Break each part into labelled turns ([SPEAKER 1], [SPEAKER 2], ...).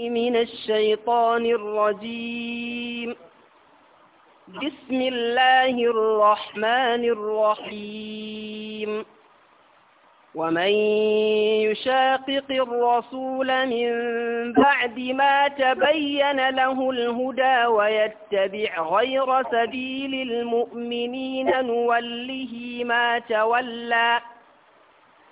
[SPEAKER 1] من الشيطان الرجيم بسم الله الرحمن الرحيم ومن يشاقق الرسول من بعد ما تبين له الهدى ويتبع غير سبيل المؤمنين نوله ما تولى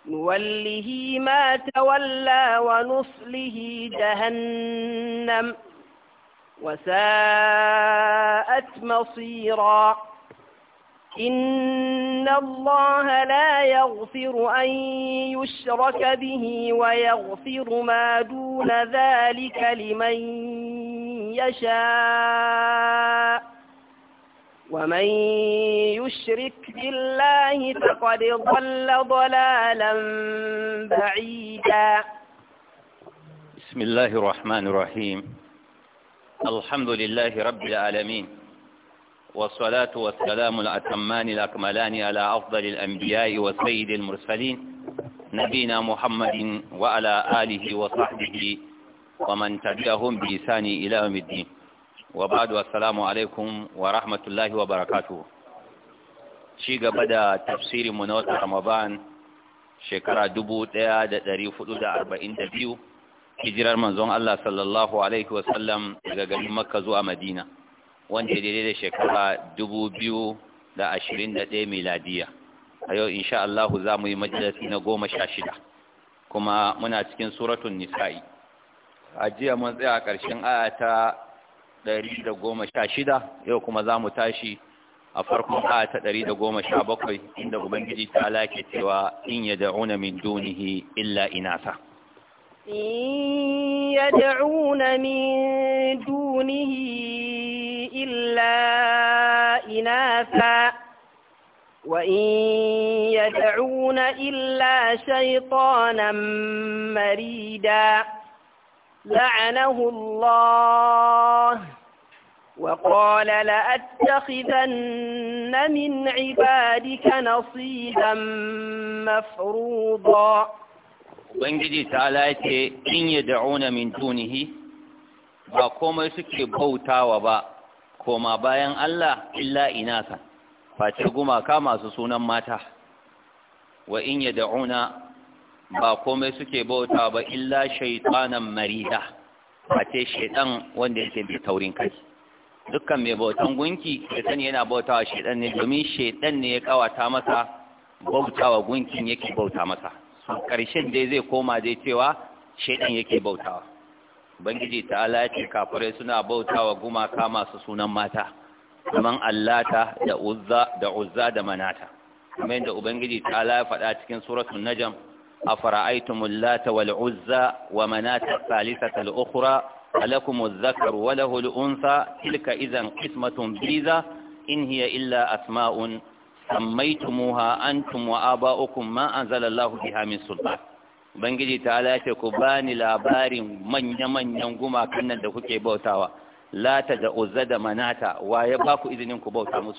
[SPEAKER 1] نوله ما تولى ونصله جهنم وساءت مصيرا إن الله لا يغفر أن يشرك به ويغفر ما دون ذلك لمن يشاء ومن يشرك بالله فقد ضل ضلالا بعيدا
[SPEAKER 2] بسم الله الرحمن الرحيم الحمد لله رب العالمين والصلاة والسلام الأتمان الأكملان على أفضل الأنبياء وسيد المرسلين نبينا محمد وعلى آله وصحبه ومن تبعهم بإسان إلى يوم الدين wa ba'du assalamu alaikum wa rahmatullahi wa barakatuh ci gaba da tafsirin mu na watan Ramadan shekara 1442 hijirar manzon Allah sallallahu alaihi wa sallam daga garin Makka zuwa Madina wanda daidai da shekara 2021 miladiya a yau insha Allah za mu yi majalisi na goma sha shida kuma muna cikin suratun nisa'i a jiya mun tsaya a ƙarshen aya ta ɗari da goma sha shida yau kuma za mu tashi a farkon aya ta ɗari da goma sha bakwai inda ubangiji ta lake cewa in ya da'una min dunihi illa inasa
[SPEAKER 1] in ya da'una min dunihi illa inasa wa in ya da'una illa shaitanan marida la'anahu Allah وقال لأتخذن من عبادك نصيبا مفروضا
[SPEAKER 2] Ubangiji ta ya ce, In yi da'una min tunihi, ba komai suke bautawa ba, koma bayan Allah illa inasa, face gumaka masu sunan mata, wa in yi da'una ba komai suke bautawa ba illa shaitanan marida, face shaitan wanda yake mai taurin kai. dukkan mai bautan gunki ya sani yana bautawa shaidan ne domin shaidan ne ya kawata masa bautawa gunkin yake bauta masa karshen dai zai koma dai cewa shaidan yake bautawa bangiji ta'ala ya ce kafirai suna bautawa gumaka masu sunan mata Zaman allata da uzza da uzza da manata kamar yadda ubangiji ta'ala ya faɗa cikin suratun Najam, afara'aytumul lata wal uzza wa manata Salisa al-ukhra ألكم الذكر وله الأنثى تلك إذا قسمة بيزة إن هي إلا أسماء سميتموها أنتم وآباؤكم ما أنزل الله بها من سلطان Ubangiji ta lafe ku ba ni labarin manya-manyan gumakan nan da kuke bautawa, lata da uzza da manata, waye ba ku izinin ku bauta musu.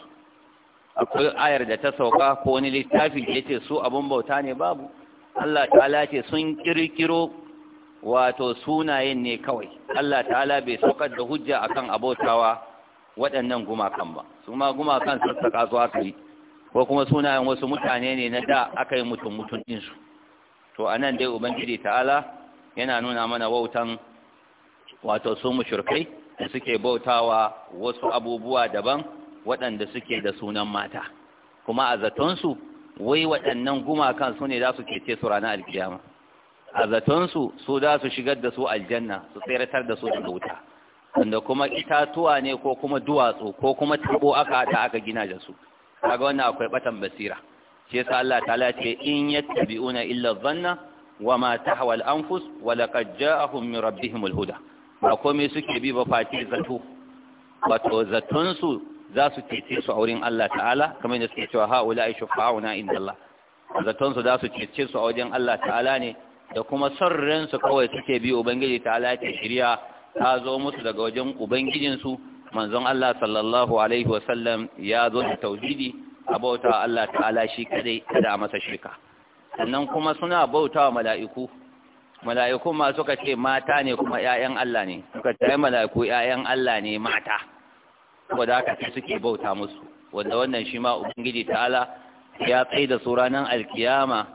[SPEAKER 2] Akwai ayar da ta sauka ko wani littafi da ya ce su abin bauta ne babu, Allah ta lafe sun kirkiro wato sunayen ne kawai Allah ta'ala bai saukar da hujja akan abotawa waɗannan gumakan ba su ma gumakan sun saka su aka yi ko kuma sunayen wasu mutane ne na da aka yi mutum mutum ɗinsu to a nan dai ubangiji ta'ala yana nuna mana wautan wato su mushrikai da suke bautawa wasu abubuwa daban waɗanda suke da sunan mata kuma a zatonsu wai waɗannan gumakan su ne za su ce su ranar alkiyama a zatonsu su za su shigar da su aljanna su tseratar da su daga wuta wanda kuma itatuwa ne ko kuma duwatsu ko kuma tabo aka ta aka gina da su kaga wannan akwai batan basira shi yasa Allah ta'ala ce in yattabi'una illa dhanna wama tahwa anfus wa laqad ja'ahum min rabbihim al-huda ba komai suke bi ba fati zato wato zaton su za su cece su a wurin Allah ta'ala kamar da suke cewa ha'ula'i shufa'una inda Allah zaton su za su cece su a wajen Allah ta'ala ne da kuma son kawai suke bi ubangiji ta alaƙi shirya ta zo musu daga wajen ubangijinsu manzon Allah sallallahu alaihi wasallam ya zo da tauhidi a bauta Allah ta'ala shi kadai da masa shirka sannan kuma suna bauta wa mala'iku mala'iku ma suka ce mata ne kuma ‘ya'yan Allah ne suka ce mala'iku ‘ya'yan Allah ne mata wadda aka suke bauta musu wanda wannan shi ma ubangiji ta'ala ya tsaye da su ranar alkiyama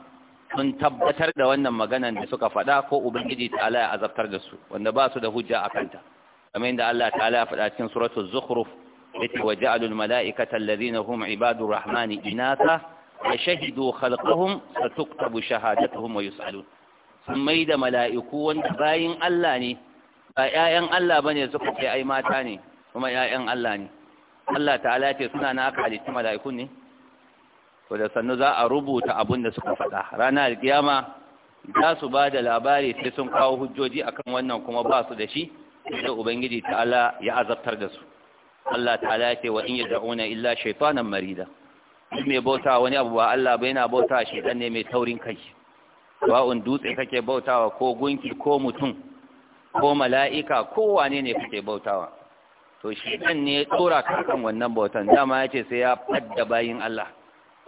[SPEAKER 2] sun tabbatar da wannan maganan da suka faɗa ko ubangiji ta ta'ala ya azabtar da su wanda ba su da hujja a kanta kamar yadda Allah ta'ala ya faɗa cikin suratul zukhruf yace wa ja'alu al-mala'ikata alladhina hum ibadur rahmani inatha wa shahidu khalqahum satuktabu shahadatuhum wa yus'alun sun da mala'iku wanda bayin Allah ne ba ƴaƴan Allah bane suka kai ai mata ne kuma ƴaƴan Allah ne Allah ta'ala ya ce suna na aka halitta mala'ikun ne to da sannu za a rubuta abun da suka faɗa ranar alkiyama za su ba da labari sai sun kawo hujjoji akan wannan kuma ba su da shi da ubangiji ta'ala ya azabtar da su Allah ta'ala ya ce wa in yad'una illa shaytanan marida in mai bauta wani abu ba Allah ba yana bauta shaytan ne mai taurin kai un dutse kake bautawa ko gunki ko mutum ko mala'ika ko wane ne kake bautawa to shaytan ne ya tsora ka kan wannan bautan dama ya ce sai ya fadda bayin Allah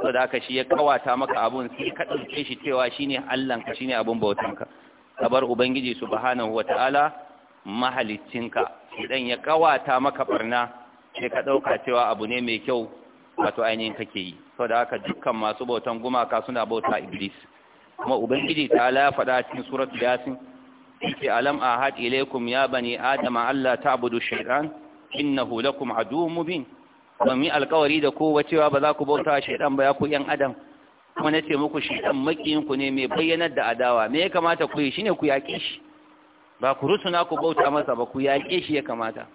[SPEAKER 2] saboda haka shi ya kawata maka abun sai ka ɗauke shi cewa shine Allahnka shine abun bautanka ka bar ubangiji subhanahu wataala mahaliccinka idan ya kawata maka barna sai ka ɗauka cewa abu ne mai kyau wato ainihin kake yi saboda haka dukkan masu bautan gumaka suna bauta iblis kuma ubangiji ta ala faɗa cikin suratul yasin yace alam ahad ilaykum ya bani adama alla ta'budu shaytan innahu lakum aduwwun mubin ban yi alkawari da kowa cewa ba za ku bauta shaidan ba ya ku yan adam kuma na ce muku shaidan makiyin ku ne mai bayyanar da adawa me ya kamata ku yi ne ku yaƙe shi ba ku rusuna ku bauta masa ba ku yaƙe shi ya kamata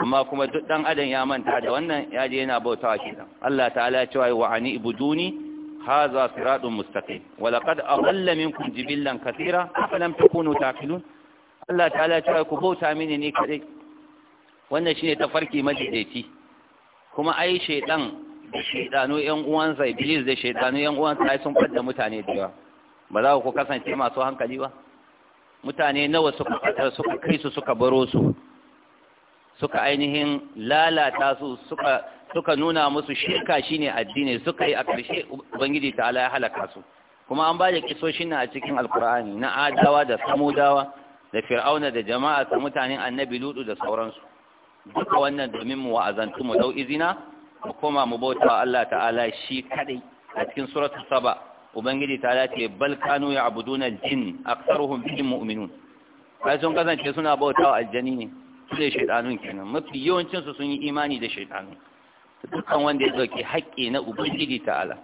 [SPEAKER 2] amma kuma duk dan adam ya manta da wannan ya je yana wa shaidan Allah ta'ala cewa wa ani ibuduni haza siratun mustaqim wa laqad adalla minkum jibillan katira afalam takunu taqilun Allah ta'ala cewa ku bauta mini ne kadai wannan shine tafarki majidaici kuma ai shaidan da shaidanu yan uwansa iblis da shaidanu yan uwansa ai sun fadda mutane da yawa ba za ku kasance masu hankali ba mutane nawa suka fatar suka kai su suka baro su suka ainihin lalata su suka suka nuna musu shirka shine addini suka yi a ƙarshe ubangiji ta ala ya halaka su kuma an bada kisoshin na a cikin alkur'ani na adawa da samudawa da fir'auna da jama'a da mutanen annabi ludu da sauransu duka wannan domin mu wa'azantu mu dau izina mu koma mu bauta Allah ta'ala shi kadai a cikin suratul saba ubangiji ta ce bal kanu ya'buduna al-jinn aktharuhum bihim mu'minun kai sun kasance suna bautawa aljani ne sai shaytanun kenan mafi yawancin su sun yi imani da shaytanu dukkan wanda ya dauki haƙƙi na ubangiji ta'ala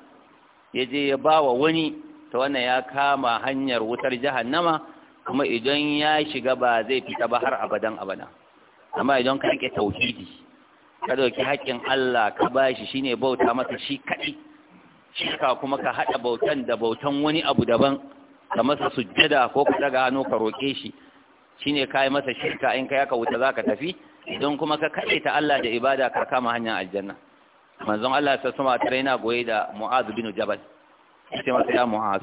[SPEAKER 2] ya je ya bawa wani ta wannan ya kama hanyar wutar jahannama kuma idan ya shiga ba zai fita ba har abadan abada amma idan ka rike tauhidi ka dauki haƙƙin Allah ka bashi shine bauta masa shi kadi shi ka kuma ka hada bautan da bautan wani abu daban ka masa sujjada ko ka daga hannu ka roke shi shine kai masa shirka in kai ka wuta zaka tafi idan kuma ka kade ta Allah da ibada ka kama hanyar aljanna manzon Allah ya alaihi wasallam yana goye da Mu'az bin Jabal sai masa ya Mu'az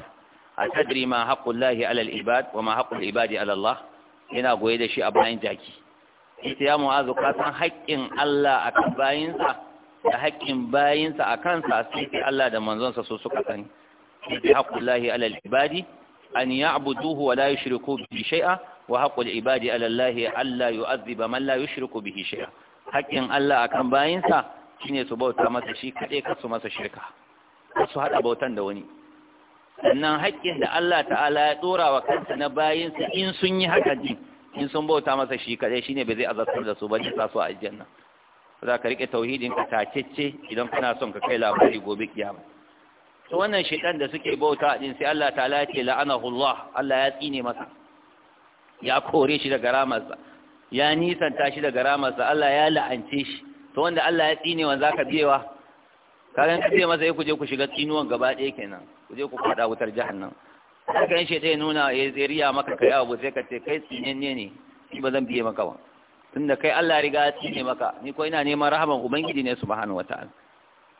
[SPEAKER 2] atadri ma haqqullahi ala ibad wa ma haqqul ibadi ala Allah yana goye da shi a bayan jaki yace ya mu'azu kasan san haƙƙin Allah akan bayinsa da haƙƙin bayinsa akan sa sai Allah da manzonsa su suka sani yace haqqullahi alal ibadi an ya'buduhu wa la yushriku bihi shay'a wa haqqul ibadi ala Allahi alla yu'adhiba man la yushriku bihi shay'a haƙƙin Allah akan bayinsa shine su bauta masa shi kaɗai kasu masa shirka su haɗa bautan da wani sannan haƙƙin da Allah ta'ala ya ɗora wa kansa na bayinsa in sun yi haka din in sun bauta masa shi kadai shine bai zai azabtar da su ba ya sa su a aljanna za ka rike tauhidin ka tacece idan kana son ka kai labari gobe kiyama to wannan shaitan da suke bauta din sai Allah ta'ala ya ce la'anahu Allah Allah ya tsine masa ya kore shi daga ramarsa ya nisanta shi daga ramarsa Allah ya la'ance shi to wanda Allah ya tsine wanda zaka biyewa kaga ka biye masa sai ku je ku shiga tsinuwan gaba ɗaya kenan ku je ku fada wutar jahannama daga yin shaitai nuna ya eh, zariya maka kai abu sai kai tsinyanye ne shi ba zan biye maka ba tun kai Allah riga tsinye maka ni kuwa ina neman rahaman ubangiji ne su bahanu wata an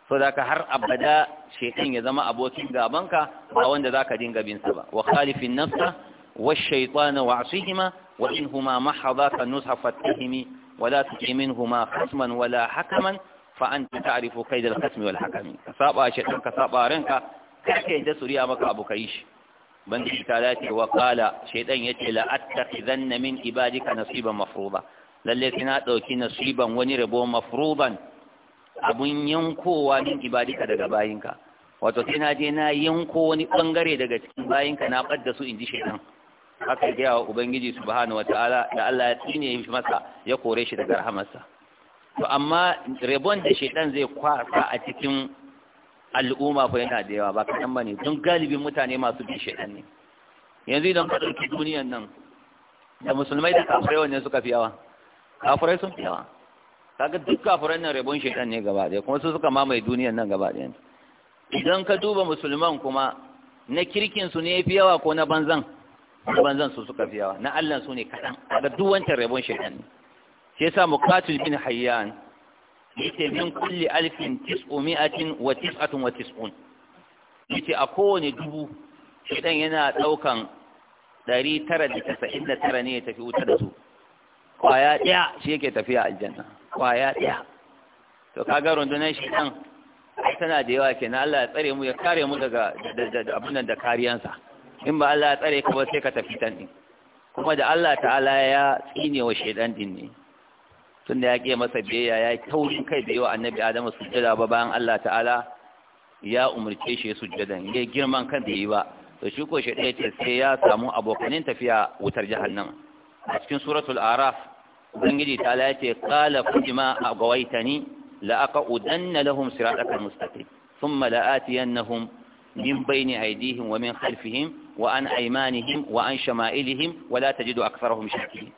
[SPEAKER 2] so da har abada shaitan ya zama abokin gabanka a wanda za ka dinga binsa ba wa khalifin nafsa wa shaitana wa asihima wa in huma mahadha ka nusafa tahimi wa la tukimin huma khasman wa la hakaman fa an ta tarifu kai da kasmi wal hakami ka saba shaitan ka saba ranka kake da suriya maka abu kai shi ubangiji ta dace wa shaidan shaytan yace la attakhidanna min ibadika nasiban mafruba lalle kina dauki nasiban wani rabo mafruban abun yankowa min ibadika daga bayinka wato kina je na yanko wani bangare daga cikin bayinka na badda su inji shaidan haka wa ubangiji subhanahu wataala da Allah ya tsine mishi masa ya kore shi daga rahamarsa to amma rabon da shaytan zai kwasa a cikin al'umma fa yana da yawa ba kaɗan ba ne don galibin mutane masu bin shaidan ne yanzu idan ka ɗauki duniyan nan da musulmai da kafirai wannan suka fi yawa kafirai sun fi yawa kaga duk kafirai nan rabon shaidan ne gaba ɗaya kuma su suka mamaye duniyan nan gaba ɗaya idan ka duba musulman kuma na kirkin su ne fi yawa ko na banzan na banzan su suka fi yawa na Allah su ne kaɗan kaga duk wancan rabon shaidan ne shi yasa muqatil bin hayyan yace min kulli alfin tis'umi'atin wa tis'atun wa tis'un yace a kowane dubu shedan yana daukan 999 ne ya tafi wuta da su kwaya daya shi yake tafiya aljanna kwaya daya to kaga rundunar ai tana da yawa kenan Allah ya tsare mu ya kare mu daga abin da kariyansa in ba Allah ya tsare ka ba sai ka tafi tan din kuma da Allah ta'ala ya tsine wa shedan din ne tun da ya ƙi masa biyayya ya yi taurin kai da yawa annabi adamu sujjada ba bayan Allah ta'ala ya umarce shi ya sujjadan ya girman kan da yi ba to shi ko shaɗe ce sai ya samu abokanin tafiya wutar jahannama a cikin suratul araf ubangiji ta ya ce qala fujima agwaitani la aqudanna lahum siratal mustaqim thumma la atiyannahum min bayni aydihim wa min khalfihim wa an aymanihim wa an shama'ilihim wa la tajidu aktharahum shakirin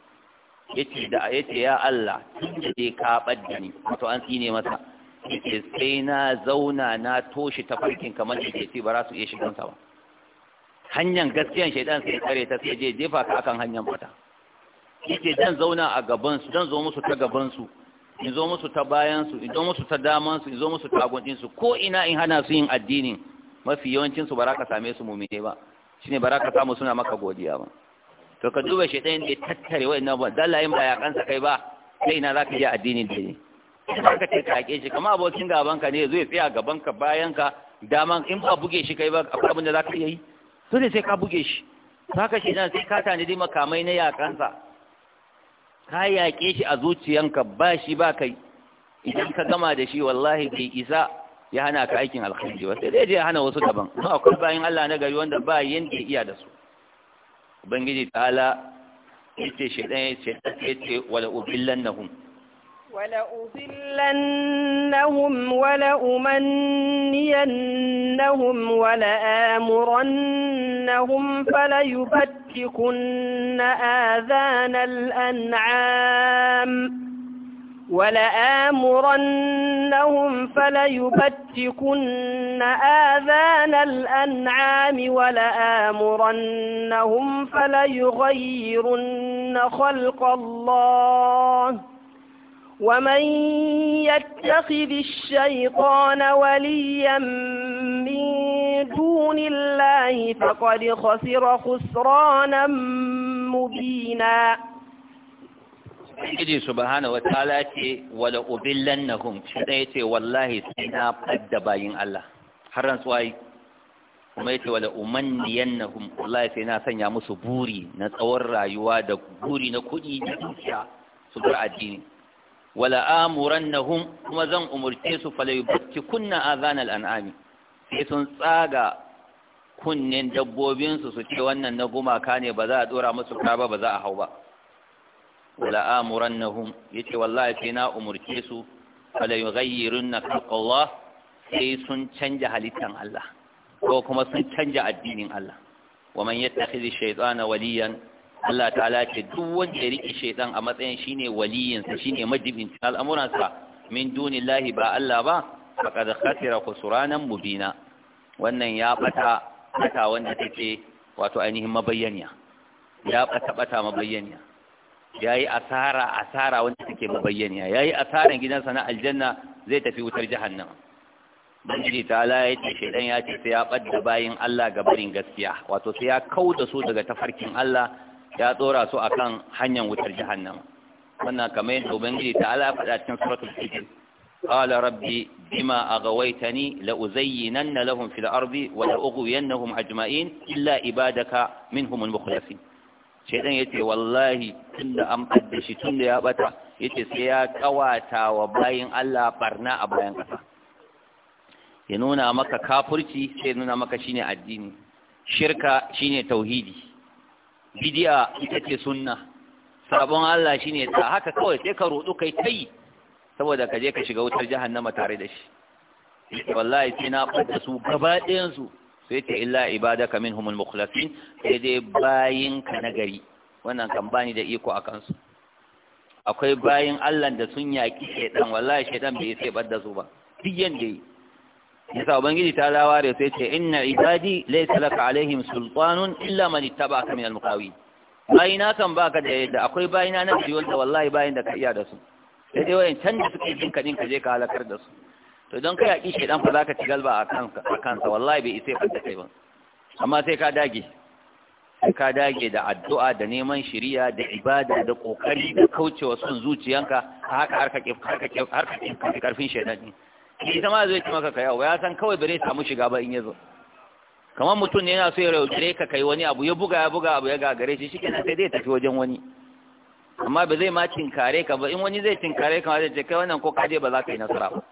[SPEAKER 2] yace da yace ya Allah tun da dai ka badda ni wato an tsine masa yace sai na zauna na toshe tafarkin kamar yace ce ba za su iya shigan ta ba hanyar gaskiyan shaidan sai kare ta sai je jefa ka akan hanyar fata yace dan zauna a gaban su dan zo musu ta gaban su in zo musu ta bayan su in zo musu ta daman su in zo musu ta agwancin su ko ina in hana su yin addinin mafi yawancin su baraka same su mumine ba shine baraka samu suna maka godiya ba to ka duba shi ɗayan da ya tattare wa'in nan ba dalayin ba ya kansa kai ba sai ina za ka je addinin da ne ka ce kake shi kama abokin gaban ka ne zai tsaya ka bayanka daman in ba buge shi kai ba akwai abin da za ka iya yi to sai ka buge shi saka shi nan sai ka tanadi makamai na yakansa ka yaƙe shi a zuciyanka ba shi ba kai idan ka gama da shi wallahi bai isa ya hana ka aikin alkhairi ba sai dai ya hana wasu daban don akwai bayan Allah na gari wanda ba yanda iya da su ubangiji ta'ala yace shedan yace nahum. wala ubillannahum
[SPEAKER 1] wala ubillannahum wala umanniyannahum wala amurannahum fala yubtikunna adhana al'an'am ولآمرنهم فليبتكن آذان الأنعام ولآمرنهم فليغيرن خلق الله ومن يتخذ الشيطان وليا من دون الله فقد خسر خسرانا مبيناً
[SPEAKER 2] ubangiji subhanahu wataala ce wala ubillannahum shi dai ce wallahi sai na fadda bayin Allah har ran tsuwayi kuma yace wala umanniyannahum wallahi sai na sanya musu buri na tsawon rayuwa da buri na kuɗi da dukiya su bar addini wala amurannahum kuma zan umurce su fala yubatti kunna azanal an'ami sai sun tsaga kunnen dabbobinsu su ce wannan na gumaka ne ba za a dora musu kaba ba za a hau ba wala amurannahum yace wallahi sai na umurce su fala yughayyirunna khalqallah sai sun canja halittar Allah ko kuma sun canja addinin Allah wa man yattakhidhi shaytana waliyan Allah ta'ala ce duk wanda ya riki shaytan a matsayin shine waliyin sa shine majibin al'amuran sa min dunillahi ba Allah ba faqad khasira khusranan mubina wannan ya bata bata wanda take wato ainihin mabayyaniya ya bata bata mabayyaniya ya yi asara asara wanda suke mabayyaniya ya yi asaran gidansa na aljanna zai tafi wutar jahannan. Ubangiji ta ala ya ce shaidan ya ce sai ya ɓadda bayan Allah ga barin gaskiya wato sai ya kau da su daga tafarkin Allah ya tsora su akan hanyar wutar jahannan. wannan kamar yadda Ubangiji tala ala faɗa cikin suratul hijr qala rabbi bima aghawaitani la uzayyinanna lahum fil ardi wa la ajma'in illa ibadaka minhum al-mukhlasin shaidan ya ce wallahi tun da an fadda shi tun da ya ɓata ya ce sai ya ƙawata wa bayin Allah barna a bayan ƙasa ya nuna maka kafurci sai nuna maka shine addini shirka shine tauhidi bidiya ita ce sunna sabon Allah shine ta haka kawai sai ka rodu kai kai saboda ka je ka shiga wutar jihar jahannama tare da shi wallahi sai na ɓata su gaba ɗayan sai ta illa ibadaka minhumul mukhlasin sai dai bayinka ka nagari, wannan kan bani da iko a kansu akwai bayin Allah da sun yaki shedan wallahi shedan bai sai badda su ba duk yanda yi yasa ubangiji ta laware sai ce inna ibadi laysa laka alaihim sultanun illa man ittaba'aka minal muqawin bayina kan baka da yadda akwai bayina na ciwon da wallahi bayin da ka iya da su sai dai wayan canza suke jin ka din ka je ka halakar da su to don kai yaƙi shaidan fa zaka ci galba a kansa wallahi bai isa fanta kai ba amma sai ka dage sai ka dage da addu'a da neman shiriya da ibada da kokari da kaucewa son zuciyanka haka har ka har ka karfin shaidan ne ita ma zai ci maka kai ya san kawai bare samu shiga ba in yazo kamar mutum ne yana so ya raudare ka kai wani abu ya buga ya buga abu ya gagare shi shi kenan sai zai tafi wajen wani amma ba zai ma cinkare ka ba in wani zai cinkare ka ma zai ce kai wannan ko kaje ba za ka yi nasara ba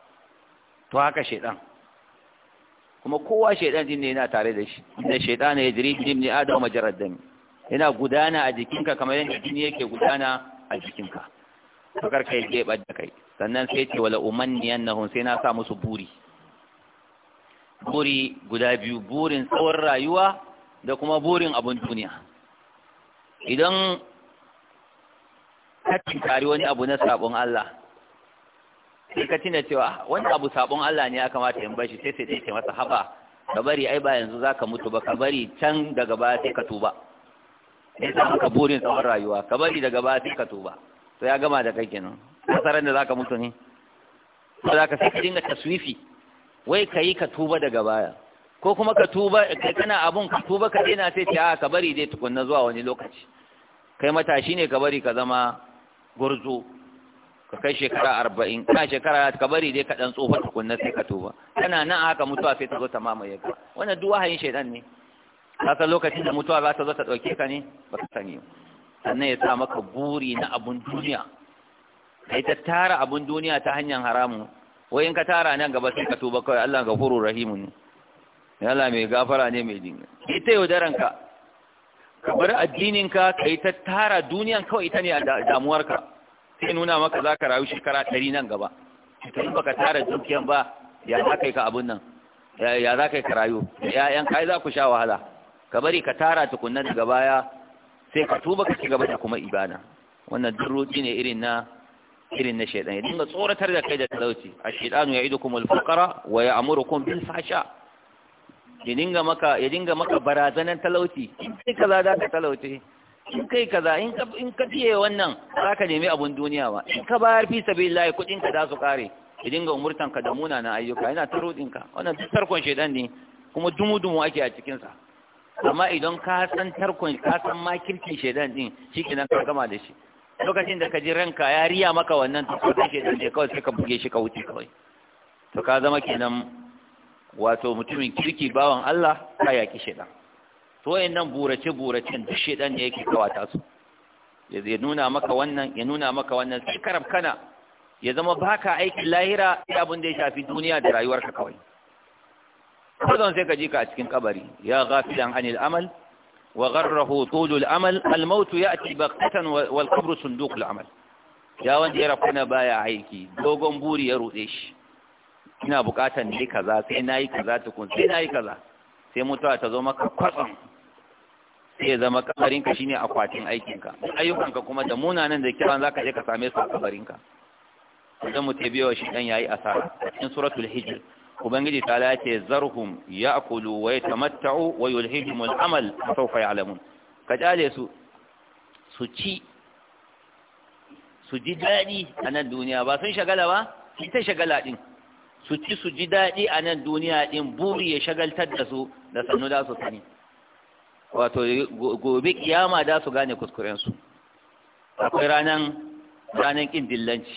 [SPEAKER 2] to haka shaidan kuma kowa shaidan din ne yana tare da shi inda shaidan ya jiri jim ne adam majarar dami yana gudana a jikinka kamar yadda jini yake gudana a jikinka to kar kai gebar da kai sannan sai ce wala umanniyannahum sai na sa musu buri buri guda biyu burin tsawon rayuwa da kuma burin abun duniya idan ka tinkari wani abu na sabon Allah sai ka tina cewa ah, wani abu sabon Allah ne ya kamata in bashi sai sai ce masa haba ka bari ai ba yanzu zaka mutu ba ka bari can daga baya sai ka tuba sai sa maka burin tsawon rayuwa ka bari daga baya sai ka tuba to ya gama da kai kenan kasaran da zaka mutu ne za zaka sai ka dinga taswifi wai kai ka tuba daga baya ko kuma ka tuba kai kana abun ka tuba ka daina sai ce a ah, ka bari dai tukunna zuwa wani lokaci kai matashi ne ka bari ka zama gurzu ka kai shekara arba'in ka shekara ka bari dai ka ɗan tsofa tukunna sai ka tuba tana nan haka mutuwa sai ta zo ta mamaye ka wannan duk wahayin shaidan ne kasan lokacin da mutuwa za ta zo ta ɗauke ka ne ba ka sani sannan ya sa maka buri na abun duniya kai ta tara abun duniya ta hanyar haramu wai in ka tara nan gaba sai ka tuba kawai Allah gafuru rahimu ne Allah mai gafara ne mai dinga ki ta yaudaranka ka bar addininka ka yi ta tara duniyan kawai ita ne a damuwarka sai nuna maka za ka rayu shekara ɗari nan gaba in baka tara dukiyan ba ya za ka yi ka abun nan ya za ka yi ka rayu ya'yan kai za ku sha wahala ka bari ka tara tukunna daga baya sai ka tuba ka ci gaba da kuma ibada wannan durruci ne irin na irin na shaidan ya dinga tsoratar da kai da talauci a shaidanu ya idu kuma alfakara wa ya amuru kun bin fasha ya dinga maka barazanan talauci in sai ka za ka talauci in kai kaza in ka in ka tiye wannan ka nemi abun duniya ba in ka bayar fi sabilillah kuɗin ka za su kare ya dinga umurtan ka da na ayyuka yana ta rodin ka wannan duk tarkon shedan ne kuma dumu dumu ake a cikinsa. sa amma idan ka san tarkon ka san makircin shedan din ke ka gama da shi lokacin da ka ji ranka ya riya maka wannan tarkon shedan ne kawai sai ka buge shi ka wuce kawai to ka zama kenan wato mutumin kirki bawan Allah ka yaki shedan to nan burace burace duk shedan ne yake kawata su ya nuna maka wannan ya nuna maka wannan sai karab kana ya zama baka aikin lahira ya abin da ya shafi duniya da rayuwarka kawai kazan sai ka ji ka a cikin kabari ya ghafilan anil amal wa gharrahu tulul amal al ya'ti baqatan wal qabr sunduqul amal ya wanda ya na baya aiki dogon buri ya rude shi ina bukatan ne kaza sai nayi kaza tukun sai nayi kaza sai mutuwa ta zo maka kwatsam sai ya zama kabarinka shine akwatin aikinka ayyukanka kuma da munanan da kiran zaka je ka same su a kabarinka dan mutum biyo shi dan yayi asara cikin suratul hijr ubangiji ta la ce zarhum yaqulu wa yatamatta'u wa yulhihim al'amal sawfa ya'lamun ka jale su su ci su ji daɗi a nan duniya ba sun shagala ba ita shagala ɗin su ci su ji daɗi a nan duniya ɗin buri ya shagaltar da su da sannu da su sani wato gobe kiyama da su gane kuskurensu akwai ranan ranan kin dillanci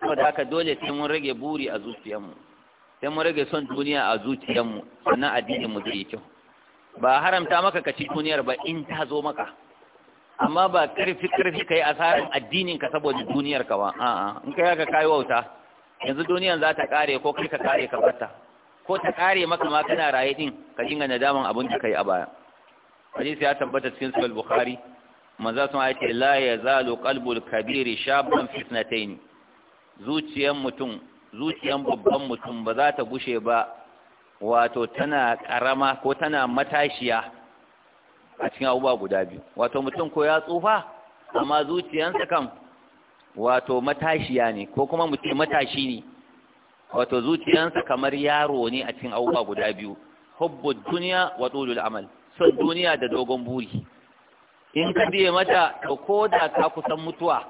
[SPEAKER 2] saboda haka dole sai mun rage buri a zuciyar mu, sai mun rage son duniya a zuciyar mu, sannan addinin mu zai yi kyau ba haramta maka ka ci duniyar ba in ta zo maka amma ba karfi karfi kai asarin addinin ka saboda duniyar ka ba a'a in kai ka kai wauta yanzu duniyar za ta kare ko kai ka kare ka barta ko ta kare maka ma kana raye din ka dinga nadaman abin da kai a baya hadisi ya tabbata cikin sahih bukhari manzo sun ayace la yazalu qalbul kabiri shaban fitnatayn zuciyan mutum zuciyan babban mutum ba za ta gushe ba wato tana karama ko tana matashiya a cikin abubuwa guda biyu wato mutum ko ya tsufa amma zuciyansa kan wato matashiya ne ko kuma mutum matashi ne wato zuciyansa kamar yaro ne a cikin abubuwa guda biyu hubbud dunya wa tulul amal son duniya da dogon buri in ka biye mata to ko da ka kusan mutuwa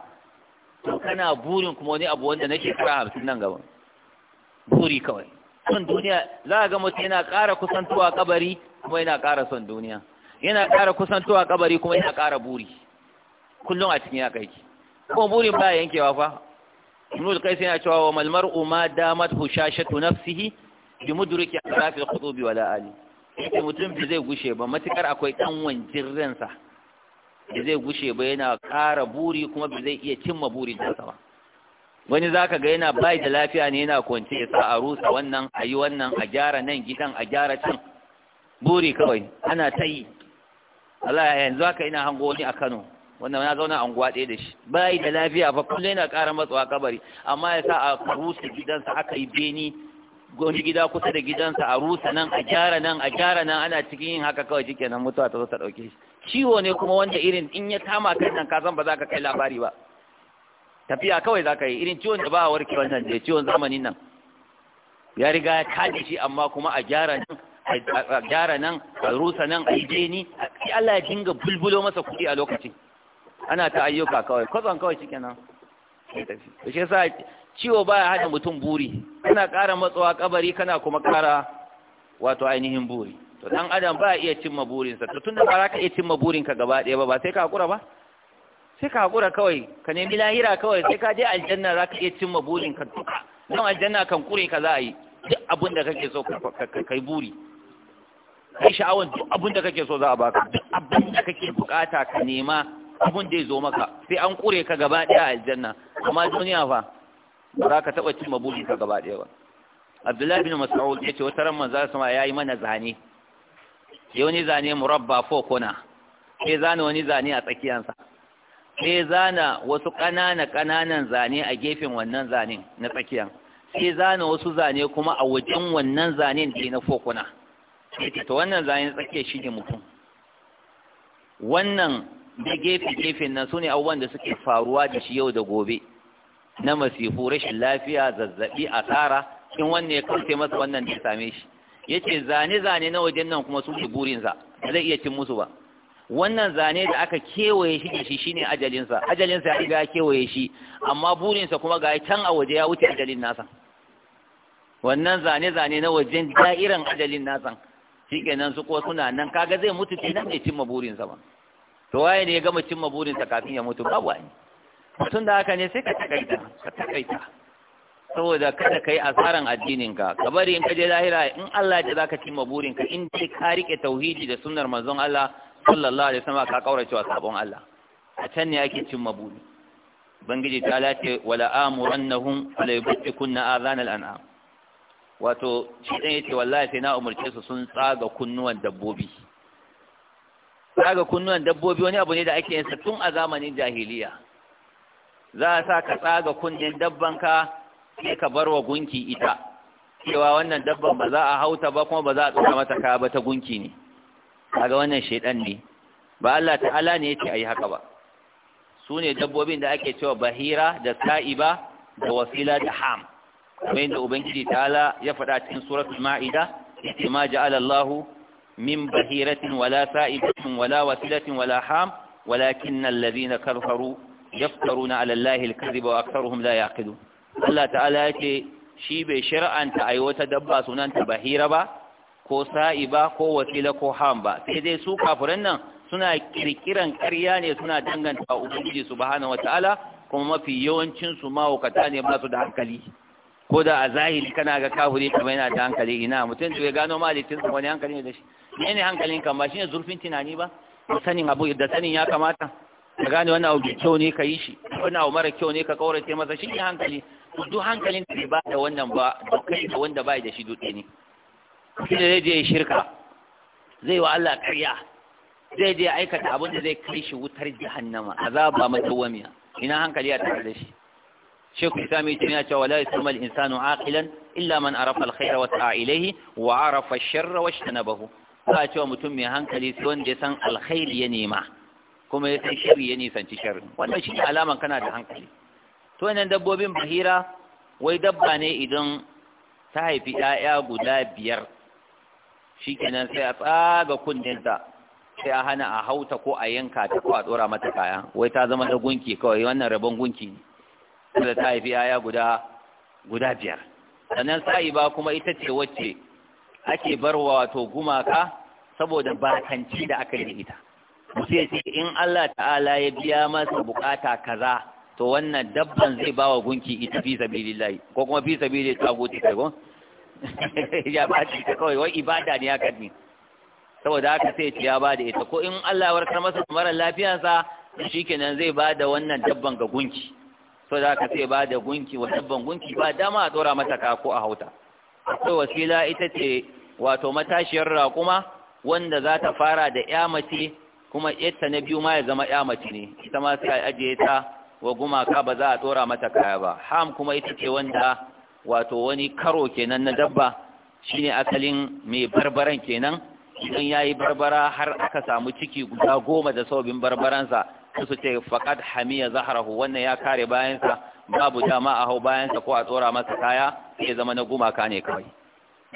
[SPEAKER 2] to kana burin kuma wani abu wanda na shekara hamsin nan gaba buri kawai son duniya za a ga mutum yana ƙara kusantuwa kabari kuma yana ƙara son duniya yana ƙara kusantuwa kabari kuma yana ƙara buri kullum a cikin yaƙai kuma burin ba yankewa fa nuna kai sai yana cewa wa malmar umar damat hushashatu nafsihi bi mudriki a tsarafin khutubi wala ali yake mutum fi zai gushe ba matukar akwai ɗan wancin ransa da zai gushe ba yana ƙara buri kuma bi zai iya cimma burin da sama wani ka ga yana bai da lafiya ne yana kwance ya sa a rusa wannan a yi wannan a gyara nan gidan a gyara can buri kawai ana ta yi Allah ya yanzu haka ina hango wani a Kano wannan na zauna anguwa ɗaya da shi bai da lafiya ba kullum yana ƙara matsawa kabari amma ya sa a rusa gidansa aka yi beni wani gida kusa da gidansa a rusa nan a gyara nan a gyara nan ana cikin yin haka kawai shike nan mutuwa ta zo ta dauke shi ciwo ne kuma wanda irin in ya kama kai nan ka san ba za ka kai labari ba tafiya kawai za ka yi irin ciwon da ba a warke wannan da ciwon zamanin nan ya riga ya kaji shi amma kuma a gyara nan a gyara nan a rusa nan a yi jeni sai Allah ya dinga bulbulo masa kuɗi a lokacin ana ta ayyuka kawai kwatsan kawai shike nan shi yasa ciwo baya haɗa mutum buri kana ƙara matsawa kabari kana kuma ƙara wato ainihin buri to dan adam ba iya cimma burinsa to tunda ba za ka iya cimma burinka gaba ɗaya ba ba sai ka hakura ba sai ka hakura kawai ka nemi lahira kawai sai ka je aljanna za ka iya cimma burinka duka don aljanna kan kure ka za a yi duk abin da kake so ka yi buri kai sha'awar duk abin da kake so za a baka duk abin da kake bukata ka nema abin da ya zo maka sai an kure ka gaba ɗaya a aljanna amma duniya fa ba za ka taɓa cin cimma ka gaba ɗaya ba abdullahi bin mas'ud ce wata ran manzo ya yayi mana zane Ya wani zane murabba fo kona sai zana wani zane a tsakiyansa sai zana wasu ƙanana ƙananan zane a gefen wannan zane na tsakiyan sai zana wasu zane kuma a wajen wannan zanen da na four sai ta wannan zane tsakiya shi ne mutum wannan da gefe gefen nan su ne abubuwan da suke faruwa da shi yau da gobe na masifu rashin lafiya zazzabi asara in wanne ya kauce masa wannan ya same shi Ya ce zane zane na wajen nan kuma su ke burinsa ba zai iya cin musu ba wannan zane da aka kewaye shi da shi shi ne ajalinsa ajalinsa ya riga ya kewaye shi amma burinsa kuma ga can a waje ya wuce ajalin nasa wannan zane zane na wajen da'iran ajalin nasa kenan su ko suna nan kaga zai mutu nan ya cimma burinsa ba to waye ne ya gama cimma burinsa kafin ya mutu babu wani tun da haka ne sai ka takaita ka takaita saboda kada kai asaran addininka ka bari in ka je lahira in Allah ya zaka cimma burinka in dai ka rike tauhidi da sunnar manzon Allah sallallahu alaihi wasallam ka kaurace wa sabon Allah a can ne ake cimma buri bangiji ta lace wala amurannahum fala yubtikunna azan al-an'am wato shi dan yace wallahi sai na umurce su sun tsaga kunnuwan dabbobi tsaga kunnuwan dabbobi wani abu ne da ake yin sa tun a zamanin jahiliya za a sa ka tsaga kunnen dabbanka sai ka bar wa gunki ita cewa wannan dabban ba za a hauta ba kuma ba za a tsora mata kaya ba ta gunki ne kaga wannan shedan ne ba Allah ta'ala ne yace ayi haka ba su ne dabbobin da ake cewa bahira da sa'iba da wasila da ham kamar yadda ubangiji ta'ala ya faɗa cikin suratul ma'ida yace ma ja'ala Allahu min bahiratin wala sa'ibatin wala wasilatin wala ham walakin allazina kafaru yaftaruna ala Allah al-kadhiba wa aktharuhum la Allah ta'ala ce shi bai shar'anta ai wata dabba sunanta bahira ba ko sa'i ba ko wasila ko ham ba sai dai su kafiran nan suna kirkiran ƙarya ne suna danganta ubangiji subhanahu wata'ala kuma mafi yawancin su mawukata ne ba su da hankali ko da a zahiri kana ga kafiri kuma yana da hankali ina mutum da gano malitin wani hankali ne da shi ne hankalin kan shine zurfin tunani ba da sanin ya kamata ka gane wani abu kyau ne ka yi shi wani abu mara kyau ne ka kaurace masa shi ne hankali duk hankalin da bai ba da wannan ba da kai da wanda bai da shi dutse ne shi ne zai je shirka zai wa Allah kariya, zai je aikata abin da zai kai shi wutar jahannama azaba madawamiya ina hankali ya tare da shi شيخ الإسلام يتمنى ولا يسمى الإنسان عاقلا إلا na bahu. الخير وسعى cewa mutum mai hankali فأتوا wanda ya san alkhairi ya nema. kuma ya san sharri ya nisanci shiri. wannan shi alaman kana da hankali to wannan dabbobin bahira wai dabba ne idan ta haifi 'ya'ya guda biyar Shi shikenan sai a tsaga kundinta sai a hana a hauta ko a yanka ta ko a dora mata kaya wai ta zama da gunki kawai wannan rabon gunki ne da ta haifi 'ya'ya guda guda biyar sannan sa'iba kuma ita ce wacce ake barwa wato gumaka saboda bakanci da aka yi ita musu ya in Allah ta'ala ya biya masa bukata kaza to wannan dabban zai ba wa gunki ita fi sabilillah ko kuma fi sabilillahi ta gote kai ko ya ba ta kai wai ibada ne aka ni saboda haka sai ya ba da ita ko in Allah warkar masa mara lafiyarsa shikenan zai ba da wannan dabban ga gunki saboda haka sai ba da gunki wa dabban gunki ba dama a dora mata ka ko a hauta akwai wasila ita ce wato matashiyar raƙuma wanda za ta fara da ya mace kuma ita na biyu ma ya zama ya mace ne ita ma sai a ajiye ta wa gumaka ba za a tsora mata kaya ba ham kuma ita ce wanda wato wani karo kenan na dabba shine asalin mai barbaran kenan idan yayi barbara har aka samu ciki guda goma da saubin barbaransa su ce faqad hamiya zahrahu wannan ya kare bayansa babu dama a hau bayansa ko a tsora masa kaya ya zama na gumaka ne kawai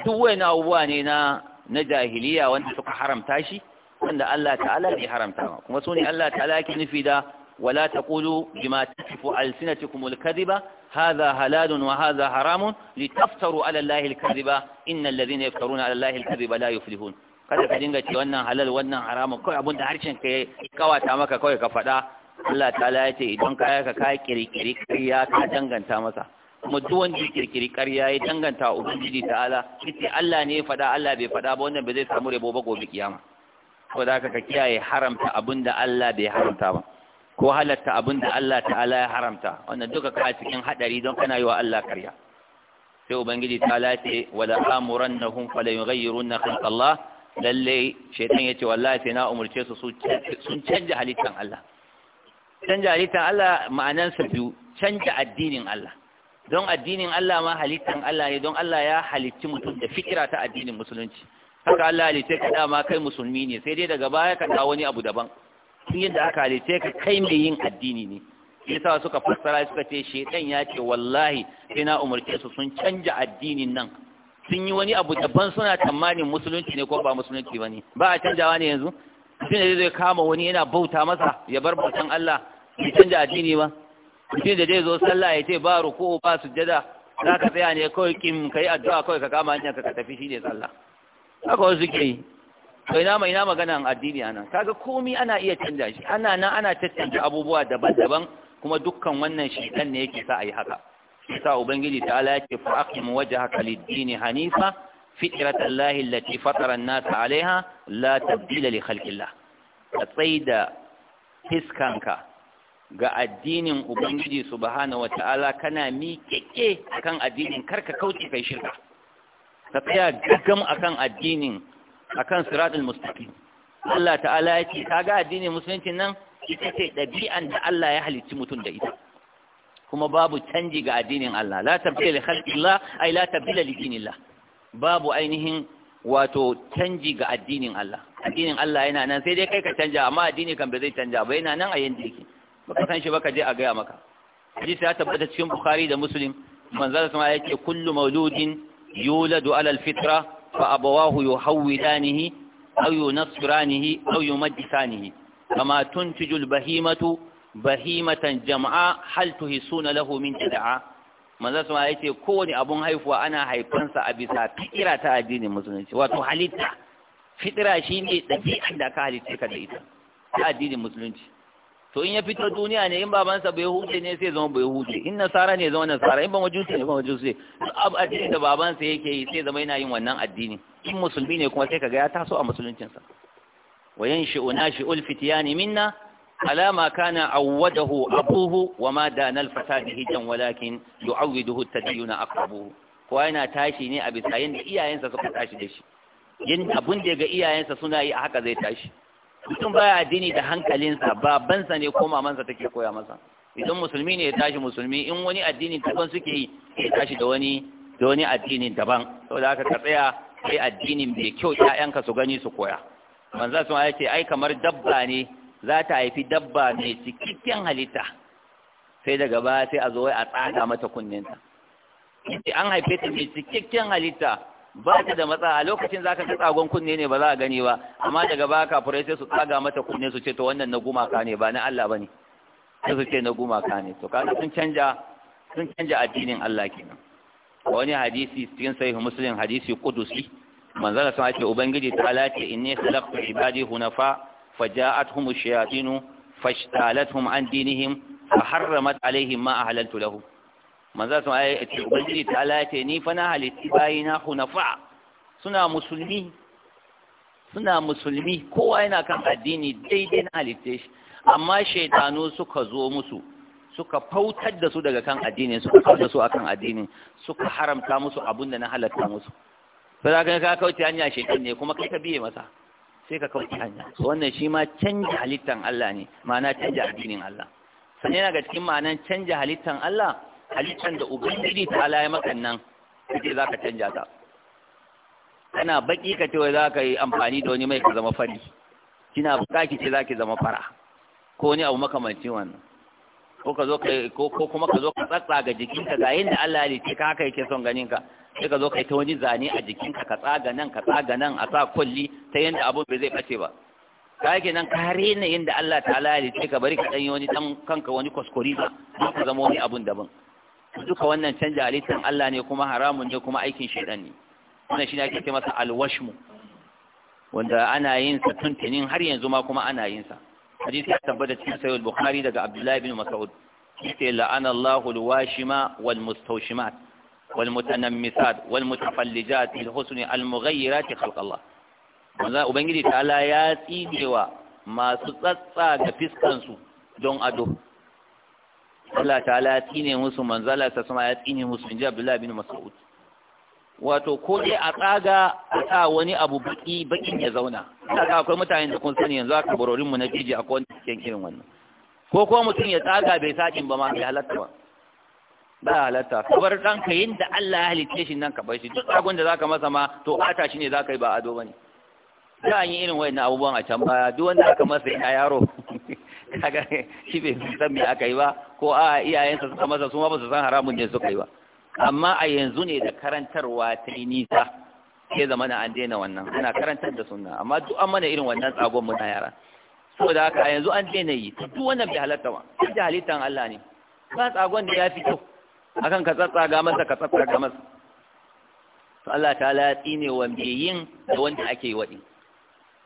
[SPEAKER 2] duk wani abubuwa ne na na jahiliya wanda suka haramta shi waɗanda Allah ta'ala bai haramta ba kuma su ne Allah ta'ala yake nufi da wala taqulu bima tasifu alsinatukum alkadhiba hadha halalun wa hadha haramun litaftaru ala Allahi alkadhiba innal ladhina yaftaruna ala Allahi alkadhiba la yuflihun kada ka dinga ce wannan halal wannan haramun kawai abin da harshen ka kawata maka kawai ka fada Allah ta'ala ya ce idan ka ka ka kirkiri kariya ka danganta masa kuma duk wanda kirkiri ƙarya ya danganta ubangiji ta'ala yace Allah ne ya faɗa Allah bai faɗa ba wannan ba zai samu rabo ba gobe kiyama ko da ka kiyaye haramta abinda Allah bai haramta ba ko halatta abinda Allah ta'ala ya haramta wannan duka ka cikin hadari don kana yi wa Allah karya sai ubangiji ta lace wala amurannahum fala yughayyiruna khalq Allah lalle shaytan yace wallahi sai na umurce su sun canja halittan Allah canja halittan Allah ma'anan sa biyu canja addinin Allah don addinin Allah ma halittan Allah ne don Allah ya halicci mutum da fikira ta addinin musulunci haka Allah halice ka dama kai musulmi ne sai dai daga baya ka kawo wani abu daban tun yadda aka halice ka kai mai yin addini ne yasa suka fassara suka ce shedan ya ce wallahi sai na umarce su sun canja addinin nan sun yi wani abu daban suna tamanin musulunci ne ko ba musulunci bane ba a canjawa ne yanzu mutum da zai kama wani yana bauta masa ya bar bautan Allah ya canja addini ba mutum da zai zo sallah ya ce ba ruku ba sujjada za ka tsaya ne kawai kim kai addu'a kawai ka kama hanyar ka tafi shi ne sallah haka wasu ke yi to ina mai ina magana an addini anan kaga komi ana iya canja shi ana nan ana tattance abubuwa daban-daban kuma dukkan wannan shaitan ne yake sa ayi haka sa ubangiji ta ala yake fa aqim wajhaka lid-din hanifa fitrat Allah allati fatara an-nas 'alayha la tabdila li khalqillah ka tsaida fiskanka ga addinin ubangiji subhanahu ta'ala kana keke kan addinin karka kauce kai shirka ka tsaya gaggam akan addinin akan siratul mustaqim Allah ta'ala ya ce kaga addinin musulunci nan ita ce ɗabi'an da Allah ya halicci mutum da ita kuma babu canji ga addinin Allah la tabdila li khalqillah ai la tabdila li dinillah babu ainihin wato canji ga addinin Allah addinin Allah yana nan sai dai kai ka canja amma addini kan bai zai canja ba yana nan a yanda yake baka san shi ba ka je a gaya maka hadisi ya tabbata cikin bukhari da muslim manzo sallallahu alaihi wasallam yake kullu mauludin yuladu alal fitra fa abawahu yuhawwidanihi aw yunasiranihi aw yumajjisanihi kama tuntiju albahimatu bahimatan jama'a, hal tuhisuna lahu min jada'a manzo sama yace kowane abun haifuwa ana haifarsa a bisa fitira ta addinin musulunci wato halitta fitira shine dabi'an da ka halitta ka da ita ta addinin musulunci to in ya fito duniya ne in babansa bai huce ne sai zama bai huce. in nasara ne zama nasara in ba majusi ne ba majusi abu addini da babansa yake yi sai zama yana yin wannan addini in musulmi ne kuma sai kaga ya taso a musuluncinsa wa shi ul fitiyani minna على ما كان عوده أبوه fasadi hijan walakin بهجا ولكن يعوده ko yana tashi ne a bisa ساين iyayensa suka tashi da shi. yin abun da ga iyayensa suna yi a haka zai tashi mutum baya addini da hankalinsa babansa ne ko mamansa take koya masa idan musulmi ne ya tashi musulmi in wani addini daban suke yi ya tashi da wani da wani addini daban saboda haka ka tsaya kai addini mai kyau ƴaƴanka su gani su koya manzo sun ya ce ai kamar dabba ne za ta haifi dabba mai cikakken halitta sai daga baya sai a zo a tsada mata kunninta an haife ta mai cikakken halitta ba ta da matsa a lokacin ka ga tsagon kunne ne ba za a gani ba amma daga baya fure sai su tsaga mata kunne su ce to wannan na gumaka ne ba na Allah ba ne. sai su ce na gumaka ne to kaga sun canja sun canja addinin Allah kenan wani hadisi cikin sahih muslim hadisi qudusi Allah sun ce ubangiji ta ce inni khalaqtu ibadi hunafa faja'atuhum ash-shayatinu fashtalathum an dinihim fa harramat alaihim ma ahlaltu lahum manza sun ai ce ubangiji ta ala ce ni fa na halitti na hunafa suna musulmi suna musulmi kowa yana kan addini daidai na halitte shi amma shaitanu suka zo musu suka fautar da su daga kan addinin suka kauda su akan addinin suka haramta musu abin da na halatta musu sai ka ka kauce hanya shaitan ne kuma kai ka biye masa sai ka kauce hanya so wannan shi ma canja halittan Allah ne ma'ana canja addinin Allah sanin ga cikin ma'anan canja halittan Allah halittar da ubangiji ta ala ya maka nan kace za ka canja ta kana baki ka ce za ka yi amfani da wani mai ka zama fari kina bukaki ce za ki zama fara ko wani abu makamanci wannan ko ka zo ka ko kuma ka zo ka tsatsa ga jikinka ga yinda Allah ya ce ka haka yake son ganin ka sai ka zo ka yi ta wani zane a jikinka ka tsaga nan ka tsaga nan a sa kulli ta yadda abun bai zai bace ba ka yake nan ka rena yadda Allah ta'ala ya ce ka bari ka danyi wani dan kanka wani kuskure ba ka zama wani abun daban duka wannan canja halittar Allah ne kuma haramun ne kuma aikin shaidan ne wannan shi ne ake ce masa alwashmu wanda ana yin sa tuntunin har yanzu ma kuma ana yin sa hadisi ya tabbata cikin sahih al-bukhari daga abdullahi bin mas'ud yace la'ana Allahu al-washima wal mustawshimat wal mutanammisat wal mutafallijat bil husn al mughayyirat khalq Allah wanda ubangiji ta'ala ya tsinewa masu tsatsa ga fiskan su don ado Allah ta'ala ya tsine musu manzala ta sama ya tsine musu inji Abdullahi bin Mas'ud wato ko dai a tsaga a wani abu baki bakin ya zauna kaga akwai mutane da kun sani yanzu aka barorin mu na jiji a wanda cikin kirin wannan ko ko mutum ya tsaga bai sakin ba ma bai halatta ba ba halatta kabar dan ka da Allah ya halice shi nan ka bar shi duk tsagon da zaka masa ma to ata shi ne zaka yi ba ado bane da an yi irin wayannan abubuwan a can baya duk wanda aka masa ina yaro kaga shi bai san me aka yi ba ko a iyayensa suka masa su ba su san haramun ne suka yi ba amma a yanzu ne da karantarwa ta yi nisa ke zama na an daina wannan ana karantar da sunna amma duk an mana irin wannan tsagon muna yara saboda haka yanzu an daina yi duk wannan bai halatta ba duk da Allah ne ba tsagon da ya fi kyau akan ka tsatsa ga masa ka tsatsa ga masa to Allah ta ya tsine wa mai yin da wanda ake yi waɗi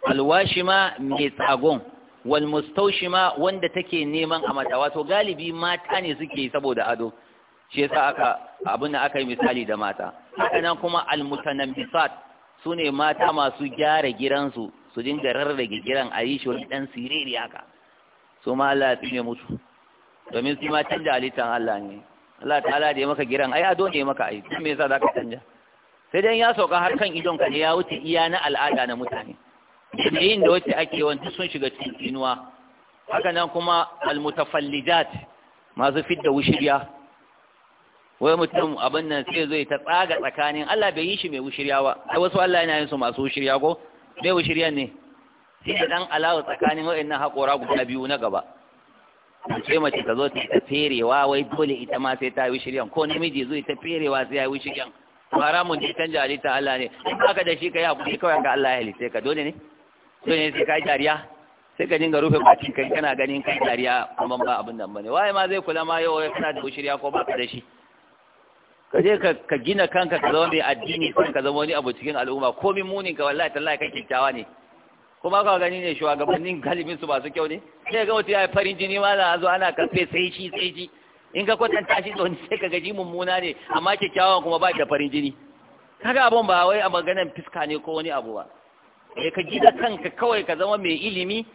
[SPEAKER 2] alwashi ma mai tsagon wal mustaushima wanda take neman a mata wato galibi mata ne suke saboda ado shi yasa aka abin da aka yi misali da mata haka nan kuma al mutanambisat sune mata masu gyara gidan su dinga rarrage gidan a yi shi wani dan siriri haka su ma Allah ya tsine mutu domin su ma canja halittan Allah ne Allah ta'ala da ya maka gidan ai ado ne maka ai me yasa zaka canja sai dan ya sauka har kan idon ka ne ya wuce iya na al'ada na mutane yanayin da wacce ake wanda sun shiga cikin inuwa haka nan kuma almutafallijat masu fidda wushirya wai mutum abin nan sai zai ta tsaga tsakanin Allah bai yi shi mai wushirya ba ai wasu Allah yana yin su masu wushirya ko mai wushirya ne sai da dan alawa tsakanin wayannan haƙora guda biyu na gaba sai mace ta zo ta ferewa wai dole ita ma sai ta yi wushiryan ko namiji zai ta ferewa sai ya yi wushiryan haramun ne canja halitta Allah ne haka da shi ka yi hakuri kawai ka Allah ya halitta ka dole ne so ne sai kai dariya sai ka dinga rufe bakin kai kana ganin kai dariya kuma ba abin nan bane waye ma zai kula ma yau kana da bushiriya ko ka da shi ka je ka gina kanka ka zama mai addini kan ka zama wani abu cikin al'umma komin munin ka wallahi tallahi kai kyakkyawa ne kuma ka gani ne shugabannin galibin su masu kyau ne sai ga wata ya yi farin jini ma a zo ana kafe sai shi sai shi in ka kwatanta shi don sai ka gaji mummuna ne amma kyakkyawan kuma ba da farin jini kaga abun ba wai a maganan fiska ne ko wani abu ba eh ka gida kanka kawai ka zama mai ilimi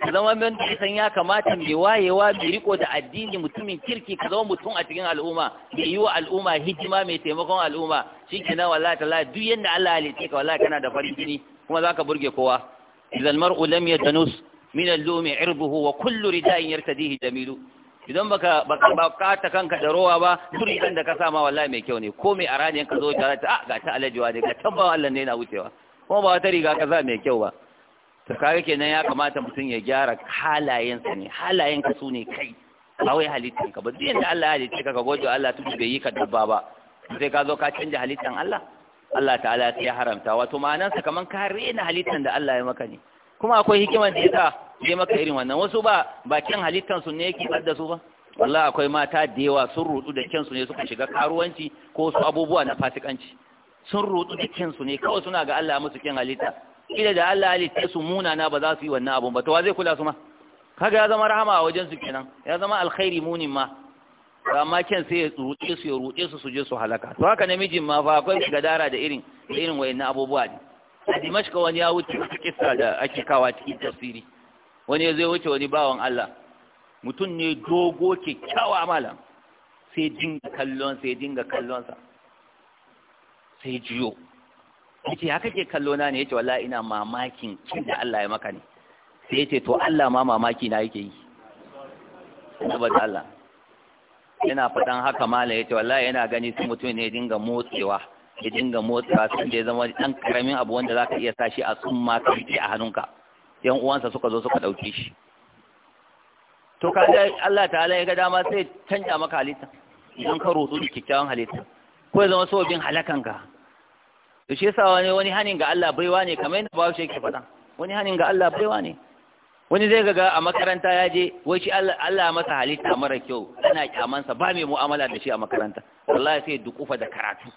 [SPEAKER 2] ka zama mai wanda san ya kamata mai wayewa mai riko da addini mutumin kirki ka zama mutum a cikin al'umma mai yi wa al'umma hidima mai taimakon al'umma wala wallahi lai duk yadda Allah ya halice ka wallahi kana da farin jini kuma za ka burge kowa idan mar'u lam yatanus min al-lumi irbuhu wa kullu rida'in yartadihi jamilu idan baka baka bakata kanka da rowa ba duri dan da ka sama wallahi mai kyau ne ko mai arani ka zo ka ta a ga ta alajiwa ne ga tabbawa Allah ne yana wucewa kuma ba wata riga kaza mai kyau ba to kaga kenan ya kamata mutum ya gyara halayensa ne halayenka su ne kai ba wai halittanka ba duk yanda Allah ya halitta ka gojo Allah tun bai yi ka dabba ba sai ka zo ka canja halittan Allah Allah ta'ala sai ya haramta wato sa kaman ka rena halittan da Allah ya maka ne kuma akwai hikimar da yasa ya maka irin wannan wasu ba ba kin halittar su ne yake da su ba wallahi akwai mata da yawa sun rudu da kyan su ne suka shiga karuwanci ko su abubuwa na fasikanci sun rutu da kinsu ne kawai suna ga Allah musu kin halitta kila da Allah halitta su munana ba za su yi wannan abun ba to wa zai kula su ma kaga ya zama rahama a wajen su kenan ya zama alkhairi munin ma amma kin sai ya rute su ya rute su su je su halaka to haka namijin ma fa akwai gadara da irin da irin wayannan abubuwa ne a dimashka wani ya wuce wata kissa da ake kawa cikin tafsiri wani zai wuce wani bawan Allah mutum ne dogo kyakkyawa malam sai dinga kallon sai dinga kallon sa sai jiyo ce, haka ke kallo na ne Ya ce, wala ina mamakin kin da Allah ya maka ne sai ce to Allah ma mamaki na yake yi saboda Allah yana fadan haka mala ce, wala yana gani su mutum ne dinga motsewa ya dinga motsewa sun da zama dan karamin abu wanda za ka iya sa shi a ma ka a hannunka yan uwansa suka zo suka ɗauke shi to ka ga Allah ta'ala ya ga dama sai canja maka halitta idan ka rotu da kikkiawan halitta ko ya zama sobin halakanka to shi yasa wani wani hanin ga Allah baiwa ne kamar yadda bawo shi yake faɗa wani hanin ga Allah baiwa ne wani zai ga a makaranta ya je wai shi Allah masa halitta mara kyau ana kyamansa ba mai mu'amala da shi a makaranta wallahi sai dukufa da karatu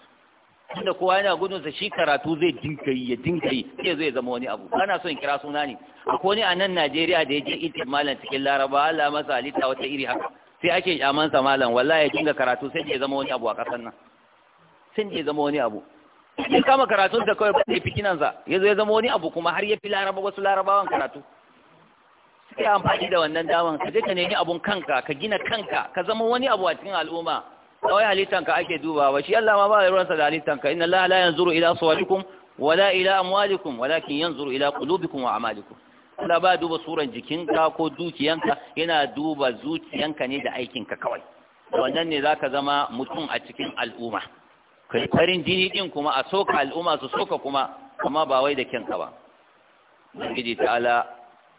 [SPEAKER 2] tunda kowa yana gudun sa shi karatu zai dinka yi ya dinka yi sai zai zama wani abu kana son kira suna ne akwai wani a nan Najeriya da ya je itin malam cikin Laraba Allah masa halitta wata iri haka sai ake kyamansa malam wallahi ya dinga karatu sai ya zama wani abu a kasan nan sai ya zama wani abu ya kama karatun da kawai bai za ya zo ya zama wani abu kuma har ya fi laraba wasu larabawan karatu sai amfani da wannan daman ka je ka nemi abun kanka ka gina kanka ka zama wani abu a cikin al'umma kawai halittanka ake dubawa shi Allah ma ba ruwansa da halittanka inna Allah la yanzuru ila sawalikum wala ila amwalikum walakin yanzuru ila qulubikum wa a'malikum Allah ba duba suran jikinka ko dukiyanka yana duba zuciyanka ne da aikinka kawai wannan ne zaka zama mutum a cikin al'umma kai farin jini din kuma a soka al'umma su soka kuma amma ba wai da kyanka ba ubangiji ta'ala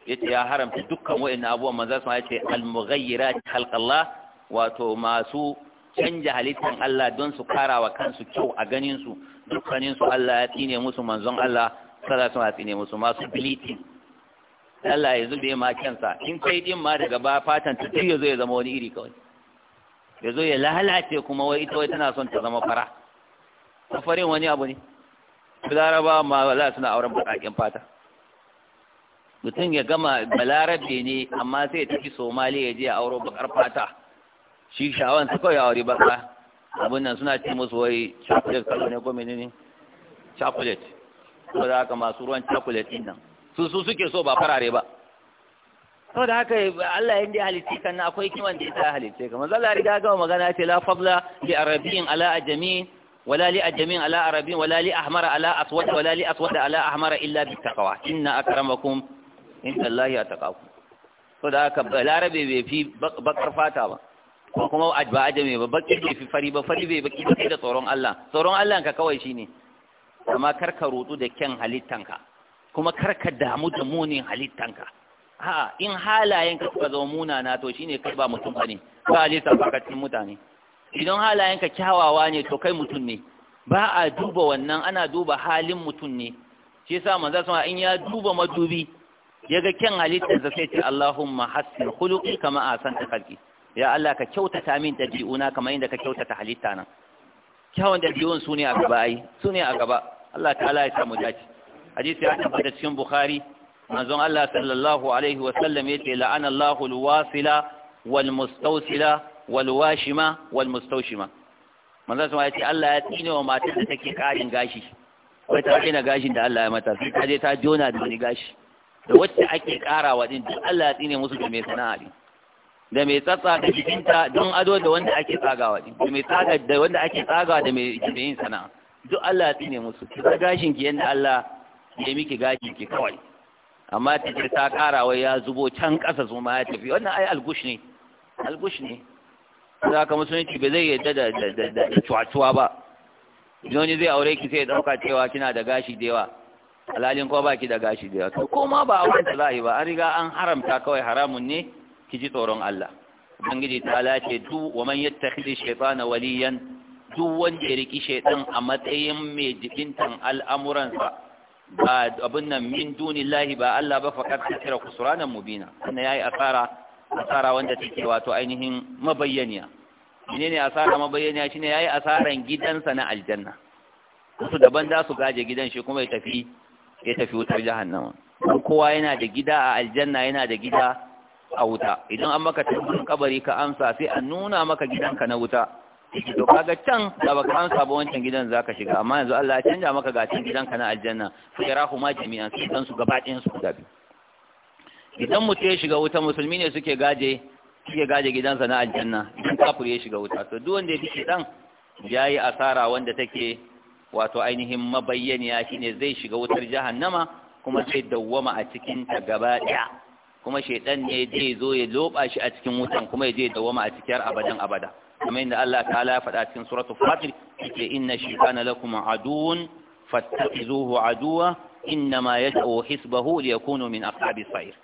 [SPEAKER 2] yace ya haramta dukkan wa'annan abubuwan manzo sun yace al-mughayyirat khalqallah wato masu canja halittan Allah don su karawa kansu kyau a ganin su dukkanin su Allah ya tsine musu manzon Allah sallallahu alaihi wasallam ya musu masu bilitin. Allah ya zube ma kansa in kai din ma daga ba fatan ta ya zo ya zama wani iri kawai ya zo ya lalace kuma wai ita wai tana son ta zama fara Safarin wani abu ne balaraba ma su suna auren baƙaƙen fata mutum ya gama balarabe ne amma sai ya tafi somali ya je a auren baƙar fata shi sha'awan su kawai aure baƙa abin nan suna ce musu wai chocolate kalo ne ko menene chocolate ko da haka masu ruwan chocolate din nan su su suke so ba farare ba ko da haka Allah yanda halitta kan akwai kiman da ya halitta kamar zalla riga ga magana ce la fadla bi arabiyyin ala ajami ولا لأجمين على عربي ولا لأحمر على أسود ولا لأسود على أحمر إلا بالتقوى إن أكرمكم عند الله أتقاكم فذاك بالعربي في بقر فاتا ko kuma ba ajami ba baki bai fi fari ba fari bai baki baki da tsoron Allah tsoron Allah ka kawai shine amma kar ka rutu da kyan halittanka kuma kar ka damu da munin halittanka ha in halayen ka suka zama munana to shine kai ba mutum bane ba halitta ba cikin mutane idan halayenka kyawawa ne to kai mutum ne ba a duba wannan ana duba halin mutum ne shi yasa manzo sama in ya duba madubi ya ga kyan halittar sa sai ce Allahumma hassin khuluqi kama ahsanta khalqi ya Allah ka kyautata min dabi'una kama inda ka kyautata halitta nan? kyawun dabi'un sune a gaba ai sune a gaba Allah ta'ala ya samu dace hadisi ya tabbata cikin Bukhari manzon Allah sallallahu alaihi wa sallam yace la'ana Allahu al-wasila wal mustawsila walwashima washima wal mustawshima manzo sama yace Allah ya tsine wa matar da take karin gashi wai ta tsina gashin da Allah ya mata sai ta je ta jona da wani gashi da wacce ake karawa din Allah ya tsine musu da mai sana'a din da mai tsatsa da jikinta don ado da wanda ake tsagawa din da mai tsaga da wanda ake tsagawa da mai yin sana'a duk Allah ya tsine musu ki gashin ki yanda Allah ya miki gashin ki kawai amma ta ce ta karawa ya zubo can ƙasa zuma ya tafi wannan ai algush ne algush ne za ka musulunci ba zai yadda da cuwa-cuwa ba wani zai aure ki sai dauka ɗauka cewa kina da gashi da yawa alalin ko baki da gashi da yawa to koma ba auren da za yi ba an riga an haramta kawai haramun ne ki ji tsoron Allah ubangiji ta lace duk wa man yattakhidhi shaytana waliyan du wanda riki shaytan a matsayin mai al'amuran al'amuransa ba abin nan min dunillahi ba Allah ba faqad kasira kusranan mubina wannan yayi asara asara wanda take wato ainihin mabayyaniya menene asara mabayyaniya shine yayi asaran gidansa na aljanna wasu daban za su gaje gidan shi kuma ya tafi ya tafi wutar jahannama kowa yana da gida a aljanna yana da gida a wuta idan an maka tambayin kabari ka amsa sai a nuna maka gidanka na wuta to kaga can da baka amsa ba wancan gidan zaka shiga amma yanzu Allah ya canja maka ga cikin gidanka na aljanna fa yarahu ma jami'an sai dan su gaba ɗayan su guda biyu idan mutum ya shiga wuta musulmi ne suke gaje suke gaje gidansa na aljanna idan kafir ya shiga wuta to duk wanda ya bi dan ya yi asara wanda take wato ainihin mabayyaniya shine zai shiga wutar jahannama kuma zai dawwama a cikin ta gaba daya kuma shaidan ne zai zo ya loba shi a cikin wutan kuma ya je dawwama a cikin abadan abada kamar inda Allah ta'ala ya faɗa cikin suratul fatir ce inna shaytana lakum aduwwun fattakhidhuhu aduwwa innama yad'u hisbahu liyakunu min ashabis sa'ir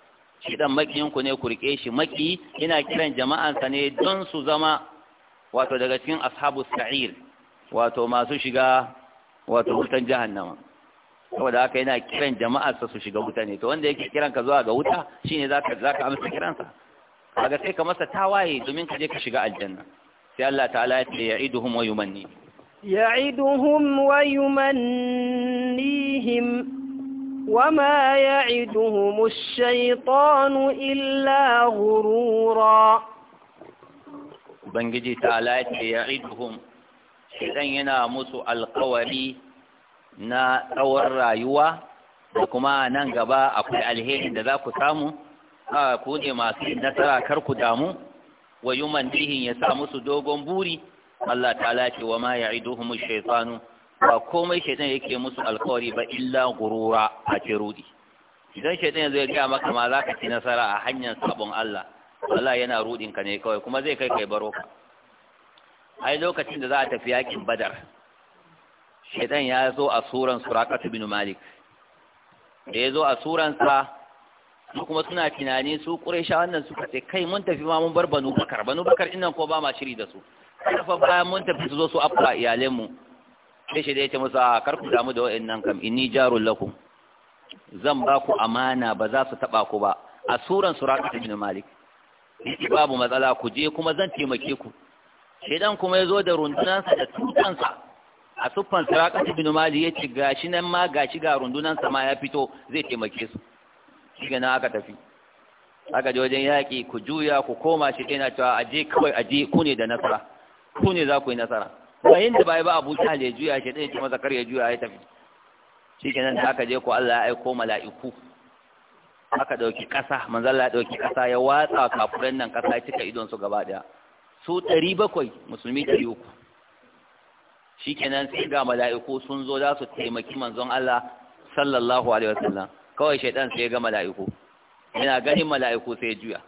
[SPEAKER 2] shi dan makiyinku ne ku rike shi maki ina kiran jama'ansa ne don su zama wato daga cikin ashabu sa'ir wato masu shiga wato wutan jahannama saboda haka yana kiran jama'arsa su shiga wuta ne to wanda yake kiran ka zuwa ga wuta shine zaka zaka amsa kiransa kaga sai ka masa tawaye domin ka je ka shiga aljanna sai Allah ta'ala ya ce ya'iduhum wa yumanni
[SPEAKER 1] ya'iduhum wa yumannihim وما يعدهم الشيطان إلا غرورا
[SPEAKER 2] بنجي تعالى يعدهم شيطان ينامس القوري na tsawon rayuwa da kuma a nan gaba akwai alheri da za ku samu a ku masu nasara kar ku damu wa yuman dihin ya sa musu dogon buri Allah ta lafi wa ma ya iduhumu shaitanu ba komai shaitan yake musu alkawari ba illa gurura a ce rudi idan shaitan zai ga maka ma za ka ci nasara a hanyar sabon Allah Allah yana rudin ka ne kawai kuma zai kai kai baro ka ai lokacin da za a tafi yakin badar shaitan ya zo a suran surakatu bin malik da ya zo a suransa su kuma suna tunani su quraisha wannan suka ce kai mun tafi ma mun bar banu bakar banu bakar innan ko ba ma shiri da su kafa bayan mun tafi su zo su afka mu. sai shi da yace musa ah, kar ku damu da wa'annan kam inni jaru lakum zan ba ku amana ba za su taba ku ba a suran suraqat ibn malik babu matsala ku je kuma zan taimake ku shedan kuma yazo da rundunansa da tutansa a suffan suraqat ibn malik yace gashi nan ma gashi ga rundunansa ma ya fito zai taimake su shi na aka tafi aka je wajen yaƙi ku juya ku koma shi ɗaya na cewa aje kawai aje ku ne da nasara ku ne za ku yi nasara ba yanda bai ba Abu Jahl ya juya shi dai kuma zakar ya juya ya tafi shikenan da aka je ko Allah ya aiko mala'iku aka dauki kasa manzo Allah ya dauki kasa ya watsa kafuran nan kasa cika idon su gaba daya su 700 musulmi 300 shikenan sai ga mala'iku sun zo za su taimaki manzon Allah sallallahu alaihi wasallam kawai shaytan sai ga mala'iku Ina ganin mala'iku sai juya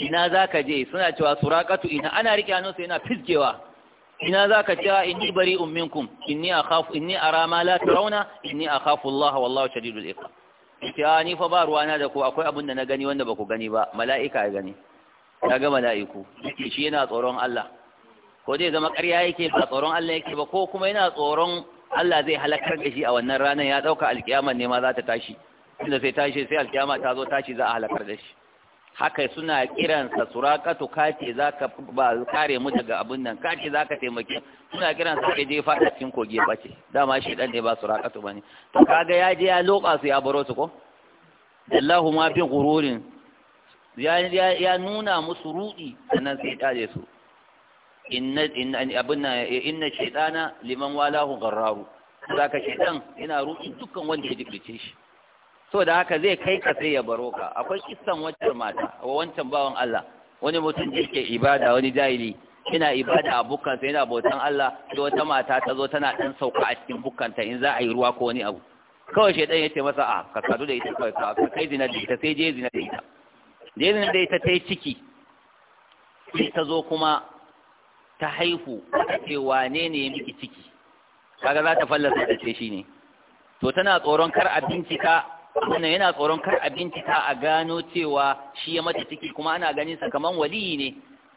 [SPEAKER 2] ina za ka je suna cewa suraqatu ina ana riƙe sai yana fisgewa. ina za ka cewa ah, in inni bari umminkum inni akhafu inni ara ma la tarawna inni akhafu Allah wallahu shadidul iqab ya ah, ni fa ba ruwana da ku akwai abin da na gani wanda ba ku gani ba mala'ika ya gani ya ga mala'iku shi yana tsoron Allah ko zai zama ƙarya yake ba tsoron Allah yake ba ko kuma yana tsoron Allah zai halakar da shi a wannan ranar ya dauka alkiyama ne ma za ta tashi inda sai tashi sai alkiyama ta zo tashi za a halakar da shi haka suna kiransa surakatu kace zaka ba kare mu daga abin nan kace zaka taimake suna kiransa ka je fada cikin kogi ya bace dama shi dan ne ba surakatu bane to kaga ya je ya loka su ya baro su ko Allahu ma fi gururin ya ya nuna musu rudi sannan sai kare su inna inna abin nan inna shaytana liman walahu garraru zaka shaytan yana rudi dukkan wanda ya dikrice shi so da haka zai kai ka sai ya baro ka akwai kissan wancan mata a wancan bawan Allah wani mutum da yake ibada wani jahili ina ibada a bukkansa yana bautan Allah sai wata mata ta zo tana dan sauka a cikin bukkanta in za a yi ruwa ko wani abu kawai shi ya ce masa a ah, ka kadu da ita kawai ka kai zina da ita sai je zina da ita je zina da ita ta yi ciki sai ta zo kuma ta haihu ta ce wane ne ya miki ciki kaga za ta fallasa ta ce shi ne to tana tsoron kar a bincika wannan yana tsoron kar a bincika a gano cewa shi ya mata ciki kuma ana ganin sa kaman waliyi ne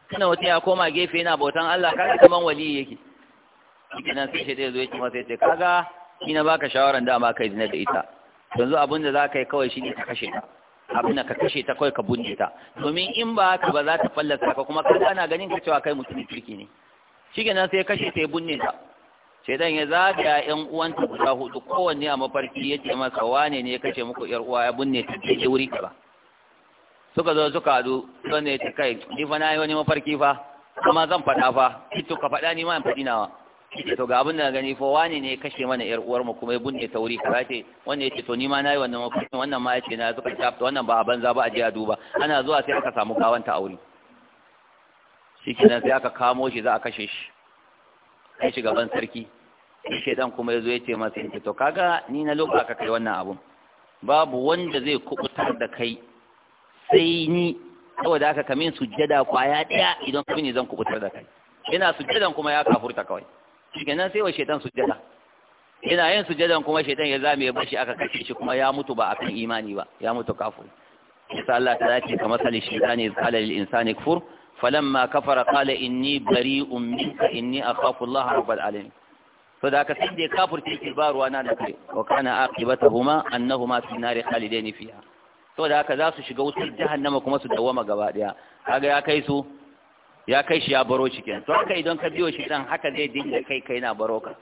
[SPEAKER 2] kana wata ya koma gefe yana bautan Allah kaga kaman waliyi yake kenan sai shi zai zo yake masa yace kaga shi na baka shawaran dama kai zina da ita yanzu abin da za ka yi kawai shi ne ka kashe ta abin da ka kashe ta kawai ka bunje ta domin in ba haka ba za ta fallasa ka kuma kaga ana ganin ka cewa kai mutum kirki ne shi kenan sai ya kashe ta ya bunne ta shaidan ya zagaya ƴan uwanta guda hudu kowanne a mafarki ya ce masa wane ne ya kashe muku yar uwa ya binne ta ce wuri kaza suka zo suka hadu don ne ta kai ni fa na yi wani mafarki fa kuma zan faɗa fa ito ka faɗa ni ma in faɗi nawa to ga abin da gani fa wane ne ya kashe mana yar uwar mu kuma ya binne ta wuri kaza ce wanda ya ce to ni ma nayi wannan mafarki wannan ma ya ce na suka shafta wannan ba a banza ba a je a duba ana zuwa sai aka samu gawanta a wuri shi kenan sai aka kamo shi za a kashe shi ya ci gaban sarki shaidan kuma ya zo ya ce masa in to kaga ni na loba ka kai wannan abun babu wanda zai kubutar da kai sai ni saboda haka kamin sujjada kwaya daya idan kuma ne zan kubutar da kai Ina sujjadan kuma ya kafurta kawai shikenan sai wa shaidan sujjada Ina yin sujjadan kuma shaidan ya zame ya bashi aka kashe shi kuma ya mutu ba akan imani ba ya mutu kafir sai Allah ta dace kamar sali shaitani qala lil insani kufur falamma kafara qala inni bari'un minka inni akhafu Allah rabbul alamin to da ka sai kafirci ki ba ruwa na da kai wa kana aqibatuhuma annahuma fi nari khalidain fiha to da haka za su shiga wutar jahannama kuma su dawama gaba daya kaga ya kai su ya kai shi baro shi to haka idan ka biyo shi dan haka zai dinga kai kaina na baro ka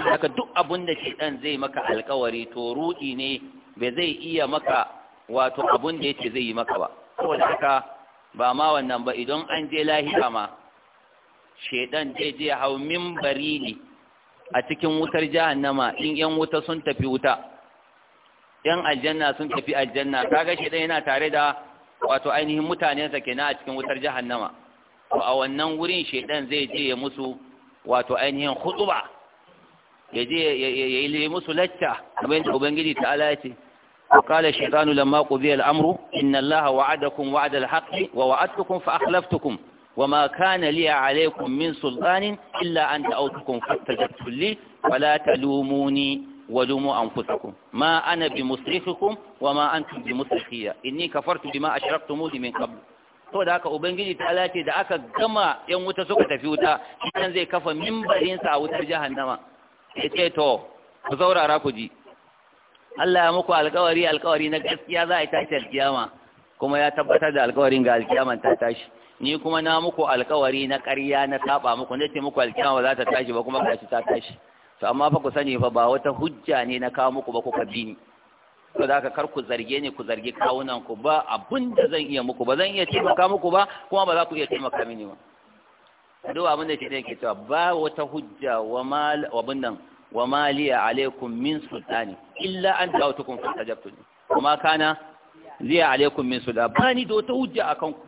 [SPEAKER 2] haka duk abun da shi dan zai maka alkawari to rudi ne bai zai iya maka wato abun da yake zai yi maka ba saboda haka ba ma wannan ba idan an je lahira ma shedan zai je hau mimbari ne a cikin wutar jahannama in yan wuta sun tafi wuta yan aljanna sun tafi aljanna kaga shedan yana tare da wato ainihin mutanensa kenan a cikin wutar jahannama to a wannan wurin shedan zai je ya musu wato ainihin khutuba ya je ya yi musu lacca abin da ubangiji ta ala ya ce وقال الشيطان لما قضي الأمر إن الله وعدكم وعد الحق ووعدتكم فأخلفتكم وما كان لي عليكم من سلطان إلا أن دعوتكم فاستجبت لي فلا تلوموني ولوموا أنفسكم ما أنا بمصرخكم وما أنتم بمصرخية إني كفرت بما أشرقتموني من قبل to da haka ubangiji ta ce da aka gama yan wuta suka tafi wuta shi zai kafa mimbarinsa a wutar jahannama ya ce to ku zaurara ku ji Allah ya muku alkawari alkawari na gaskiya za a tashi alkiyama kuma ya tabbatar da alkawarin ga alkiyaman ta tashi ni kuma na muku alkawari na ƙarya na saba muku na ce muku alkiyama za ta tashi ba kuma gashi ta tashi to amma fa ku sani fa ba wata hujja ne na kawo muku ba ku bi ni to da haka kar ku zarge ni ku zargi kawunan ku ba abin da zan iya muku ba zan iya taimaka muku ba kuma ba za ku iya taimaka mini ba duk abin da shi ne ke cewa ba wata hujja wa mal wa nan wa ma alaikum min sultani illa an da'utukum fastajabtum kuma kana liya alaikum min sultani bani do ta hujja akan ku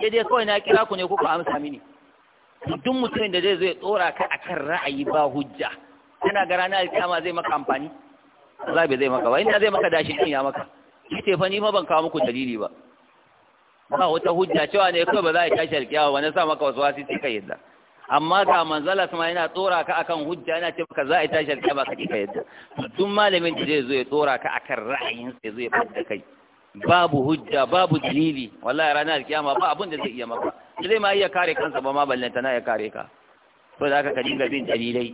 [SPEAKER 2] sai dai kawai na kira ku ne kuka amsa mini duk mutumin da zai zo ya tsora ka akan ra'ayi ba hujja kana ga ranar alkiyama zai maka amfani za bai zai maka ba ina zai maka dashi din ya maka yace fa ni ma ban kawo muku dalili ba ba wata hujja cewa ne kawai ba za a tashi alƙiyawa ba na sa maka wasu wasi sai ka yadda amma ga manzala sama yana tsora ka akan hujja yana ce baka za a yi tashi alƙiyama ka kika yadda tun malamin da zai zo ya tsora ka akan ra'ayin sai zo ya kai babu hujja babu dalili wallahi ranar alƙiyama ba abin da zai iya maka zai ma iya kare kansa ba ma ballanta na ya kare ka to da aka ka dinga bin dalilai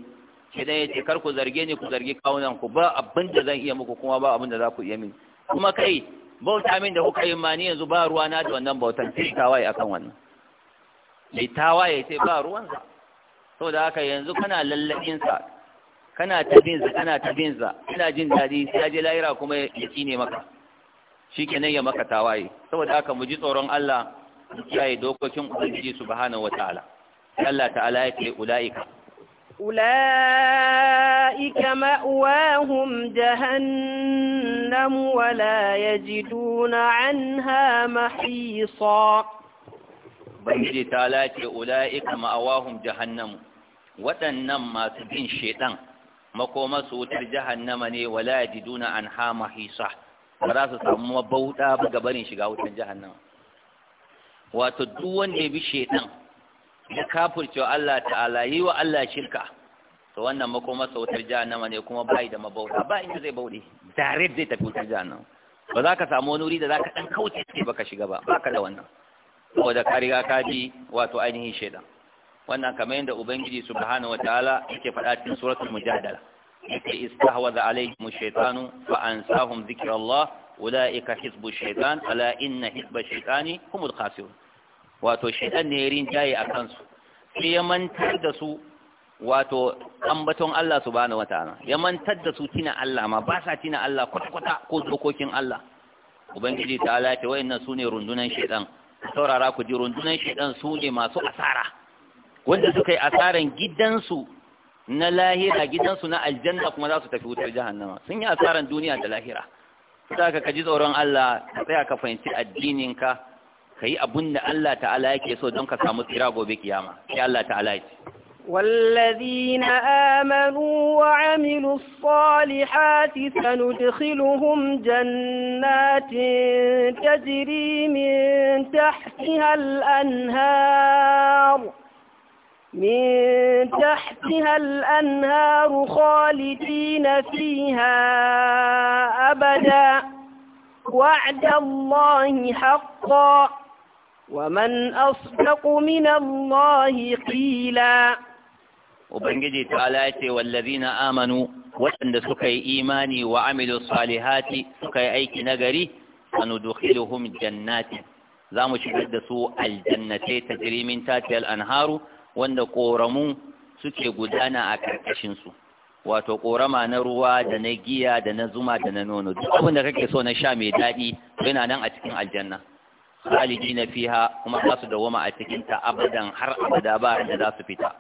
[SPEAKER 2] idan ya ce kar ku zarge ni ku zargi kawunan ku ba abin da zan iya muku kuma ba abin da za ku iya min kuma kai bauta min da kuka yi ni yanzu ba ruwana da wannan bautan sai kawai akan wannan mai tawaye sai ba ruwansa saboda haka yanzu kana lallabinsa kana tabinsa kana tabinsa ina jin daɗi sai ya je lahira kuma ya ne maka shi shikenan ya maka tawaye saboda haka mu ji tsoron Allah mu kiyaye dokokin ubangiji subhanahu wataala Allah ta'ala ya ce ulaika
[SPEAKER 1] أولئك مأواهم جهنم ولا يجدون عنها محيصا
[SPEAKER 2] ubangiji ta lace ula'ika ma'awahum jahannamu waɗannan masu bin shaidan makomasu wutar jahannama ne wala ya yajiduna anha mahisa ba za su samu bauta ba barin shiga wutar jahannama wato duk wanda bi shaidan ya kafurce wa Allah ta'ala yi wa Allah shirka to wannan makomasu wutar jahannama ne kuma bai da mabauta ba inda zai bauɗe tare zai tafi wutar jahannama ba za ka samu wani wuri da za ka ɗan kauce ce baka shiga ba ba ka da wannan saboda ka riga ka bi wato ainihin shaidan wannan kamar yadda ubangiji subhanahu wataala yake faɗa cikin suratul mujadala yake istahwaza alaihim shaytanu fa ansahum dhikrallah ulaika hizbu shaytan ala inna hizba shaytani humul khasirun wato shaytan ne rin jaye a kansu sai ya mantar da su wato ambaton Allah subhanahu wataala ya mantar da su tina Allah ma ba sa tina Allah kwata kwata ko dokokin Allah ubangiji ta'ala ya ce wa'annan sune rundunan shaytan saurara ku ji rundunan shaidan su ne masu asara wanda suka yi asaran gidansu na lahira gidansu na aljanna kuma za su tafi wutar jahannama sun yi asaran duniya da lahira saboda ka ji tsoron Allah ka tsaya ka fahimci addininka ka yi abun da Allah ta'ala yake so don ka samu tsira gobe kiyama sai Allah ta'ala ya ce
[SPEAKER 1] والذين آمنوا وعملوا الصالحات سندخلهم جنات تجري من تحتها الأنهار من تحتها الأنهار خالدين فيها أبدا وعد الله حقا ومن أصدق من الله قيلا
[SPEAKER 2] Ubangiji ta'ala ya ce wallazina amanu waɗanda suka yi imani wa amilu salihati suka yi aiki na nagari sanudkhiluhum jannatin za mu shigar da su aljannatai ta jirimin tatiyar anharu wanda ƙoramu suke gudana a ƙarƙashinsu wato ƙorama na ruwa da na giya da na zuma da na nono duk abin kake so na sha mai daɗi yana nan a cikin aljanna khalidi na fiha kuma za su dawoma a cikin ta abadan har abada ba da za su fita